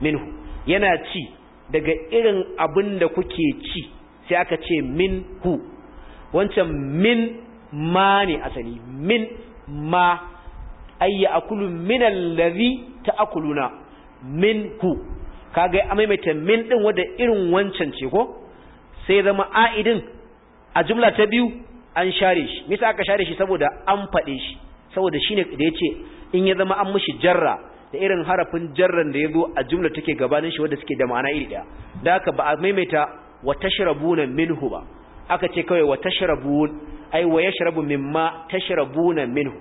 minhu yana ci daga irin abin da kuke ci sai aka ce min hu wancan min ma ne asali min ma ya akulu min allazi ta akuluna minhu kaga a maimaita min din wanda irin wancan ce ko sai zama a'idin a jumla ta biyu an share shi misa aka share shi saboda an faɗe shi saboda shine da yace in ya zama an mushi jarra da irin harafin jarran da yazo a jumla take gabanin shi wanda suke da ma'ana iri daya da haka ba a maimaita wa tashrabuna minhu ba aka ce kawai wa tashrabun ai wa yashrabu mimma tashrabuna minhu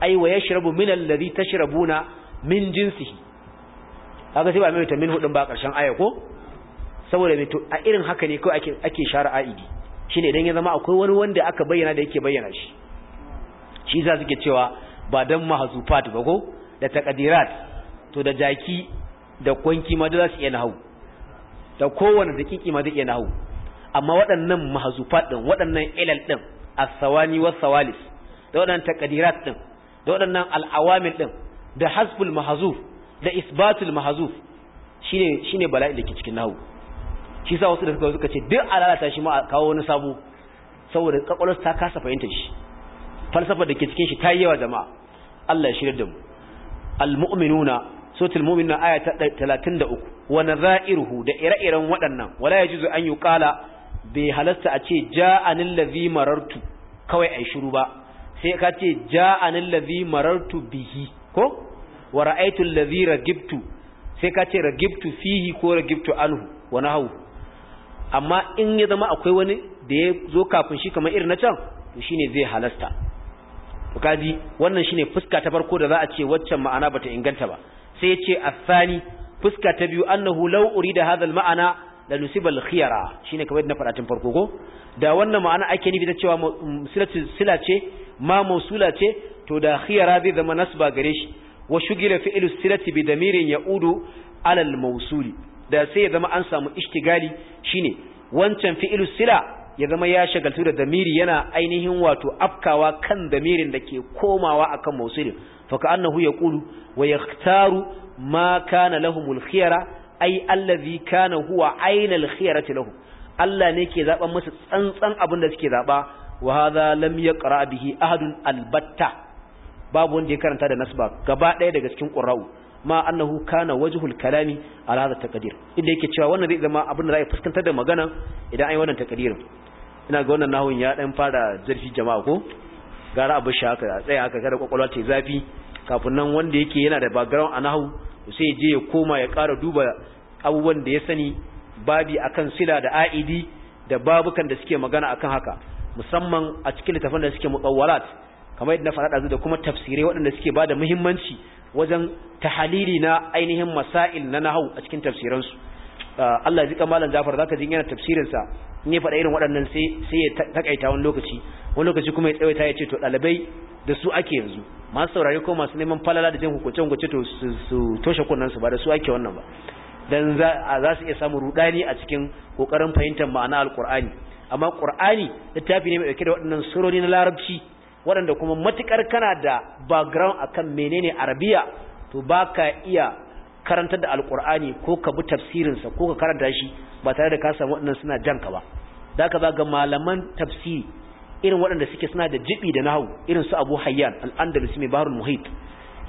ai wa yashrabu min alladhi tashrabuna min jinsihi aka ce ba maimaita minhu din ba karshen aya ko saboda mai to a irin haka ne kawai ake ake shara aidi shine idan ya zama akwai wani wanda aka bayyana da yake bayyana shi shi za suke cewa ba don mahazufat ba ko da takadirat to da jaki da kwanki ma da za su iya nahu da kowane dakiki ma da iya nahu amma waɗannan mahazufat ɗin waɗannan ilal ɗin asawani sawani sawalis da waɗannan takadirat ɗin da waɗannan al'awamil ɗin da hasbul mahazuf da isbatul mahazuf shine shine bala'i da ke cikin nahu shi sa wasu da suka suka ce duk alalata shi ma kawo wani sabo saboda kwakwalwarsu ta kasa fahimtar shi falsafa da ke cikin shi ta yi yawa jama'a Allah ya shirya da mu almu'minuna suratul mu'minuna aya ta 33 Wani nazairuhu da ire-iren waɗannan wala yajuzu an yuqala bai halasta a ce jaanin ladhi marartu kawai ai shiru ba sai ka ce ja'anil ladhi marartu bihi ko wa ra'aitun, alladhi ragibtu sai ka ce ragibtu fihi ko ragibtu anhu wani hau. amma in ya zama akwai wani da ya zo kafin shi kamar irin na can to shine zai halasta kaji wannan shine fuska ta farko da za a ce waccan ma'ana bata inganta ba sai ya ce athani fuska ta biyu annahu law urida hadha al-ma'ana la nusiba al-khiyara shine kamar yadda na faɗa tun farko ko da wannan ma'ana ake nufi ta cewa um, silatu sila ce ma mausula ce to da khiyara zai zama nasba gare shi wa shugila fi'lu silati bi damirin ya'udu ala al-mawsuli da sai ya zama an samu ishtigali shine wancan fi'lu sila ya zama ya shagaltu da damiri yana ainihin wato afkawa kan damirin da ke komawa akan mausulin fa ka annahu yaqulu wa yaktaru ma kana lahumul khiyara ai allazi kana huwa ainal khiyarati lahum Allah ne ke zaɓan musu tsantsan abin da suke zaɓa, wa hadha lam yaqra bihi ahadun albatta babu wanda ya karanta da nasba gaba ɗaya daga cikin qurra'u ma annahu kana wajhul kalami ala hadha taqdir inda yake cewa wannan zai zama abin da za a fuskantar da magana idan ai wannan taqdirin ina ga wannan nahun ya dan fara zarfi jama'a ko gara abu shi haka tsaya haka kada kwakwalwa ta zafi kafin nan wanda yake yana da background a nahu sai je ya koma ya ƙara duba abubuwan da ya sani babi akan sila da aidi da babukan da suke magana akan haka musamman a cikin littafin da suke muqawwalat kamar yadda na faɗa da kuma tafsirai waɗanda suke ba da muhimmanci wajen tahalili na ainihin masail na nahau a cikin tafsiransu ah, Allah ya zika malam Jafar zaka jin yana tafsirinsa in ya faɗa irin waɗannan sai sai ya takaita wani lokaci wani lokaci kuma ya tsawaita ya ce to ɗalibai da su ake yanzu masu saurare ko masu neman falala da jin hukunce hukunce to su toshe kunnan su ba da su ake wannan ba dan za su iya samu rudani a cikin kokarin fahimtar ma'ana alqur'ani amma qur'ani littafi ne mai dauke da waɗannan surori na larabci waɗanda kuma matukar kana da background akan menene arabiya to baka iya karantar da alkur'ani ko ka bi tafsirinsa ko ka karanta shi ba tare da ka samu waɗannan suna janka ba Za ka ga malaman tafsiri irin waɗanda suke suna da jibi da nahu, irin su abu hayyan Al'adar, mai baharul muhit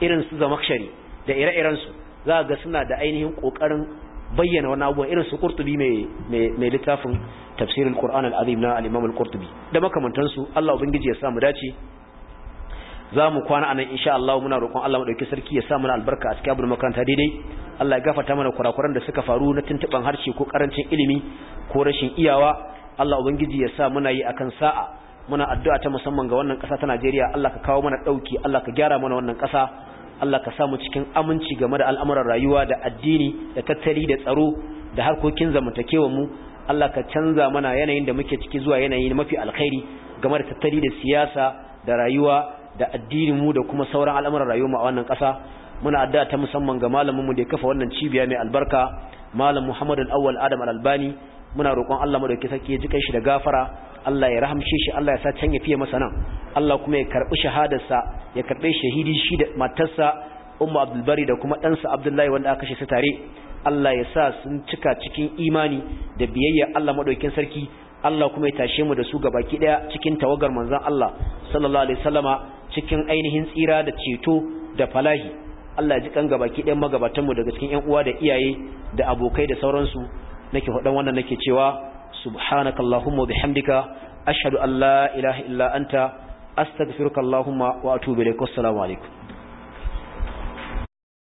irin su zamakshari da ire-irensu za ga suna da ainihin ƙoƙarin bayyana wani abubuwan irin su qurtubi mai littafin tafsirin qur'an al na al'imam imam da makamantansu su Allah ubangiji ya sa mu dace za mu kwana a nan insha Allah muna roƙon Allah ɗauki sarki ya sa mana albarka a cikin abin makaranta daidai Allah ya gafarta mana kurakuran da suka faru na tuntuban harshe ko ƙarancin ilimi ko rashin iyawa Allah ubangiji ya sa muna yi akan sa'a muna addu'a ta musamman ga wannan ƙasa ta Najeriya Allah ka kawo mana ɗauki Allah ka gyara mana wannan ƙasa Allah ka samu cikin aminci game da al'amuran rayuwa da addini da tattali da tsaro da harkokin zamantakewa mu Allah ka canza mana yanayin da muke ciki zuwa yanayin mafi alkhairi game da tattali da siyasa da rayuwa da addinin mu da kuma sauran al'amuran rayuwa a wannan ƙasa muna addu'a ta musamman ga malamin mu da ya kafa wannan cibiya mai albarka malam Muhammadu al-Awwal Adam al-Albani muna roƙon Allah madauki sarki ya ji kai shi da gafara Allah ya rahamshe shi Allah ya sa can ya fiye masa nan Allah kuma ya karbi shahadarsa ya karbe shahidi shi da matarsa Ummu Abdul Bari da kuma ɗansa Abdullahi wanda aka kashe su tare Allah ya sa sun cika cikin imani da biyayya Allah madaukin sarki Allah kuma ya tashe mu da su baki ɗaya cikin tawagar manzon Allah sallallahu alaihi wasallama cikin ainihin tsira da ceto da falahi Allah ya ji kan gabaki ɗayan magabatan mu daga cikin ƴan uwa da iyaye da abokai da sauransu nake faɗan wannan nake cewa subhanaka ma bihamdika ashhadu ashadu la ilaha illa anta astaghfiruka ma wa atubu ilaik assalamu alaikum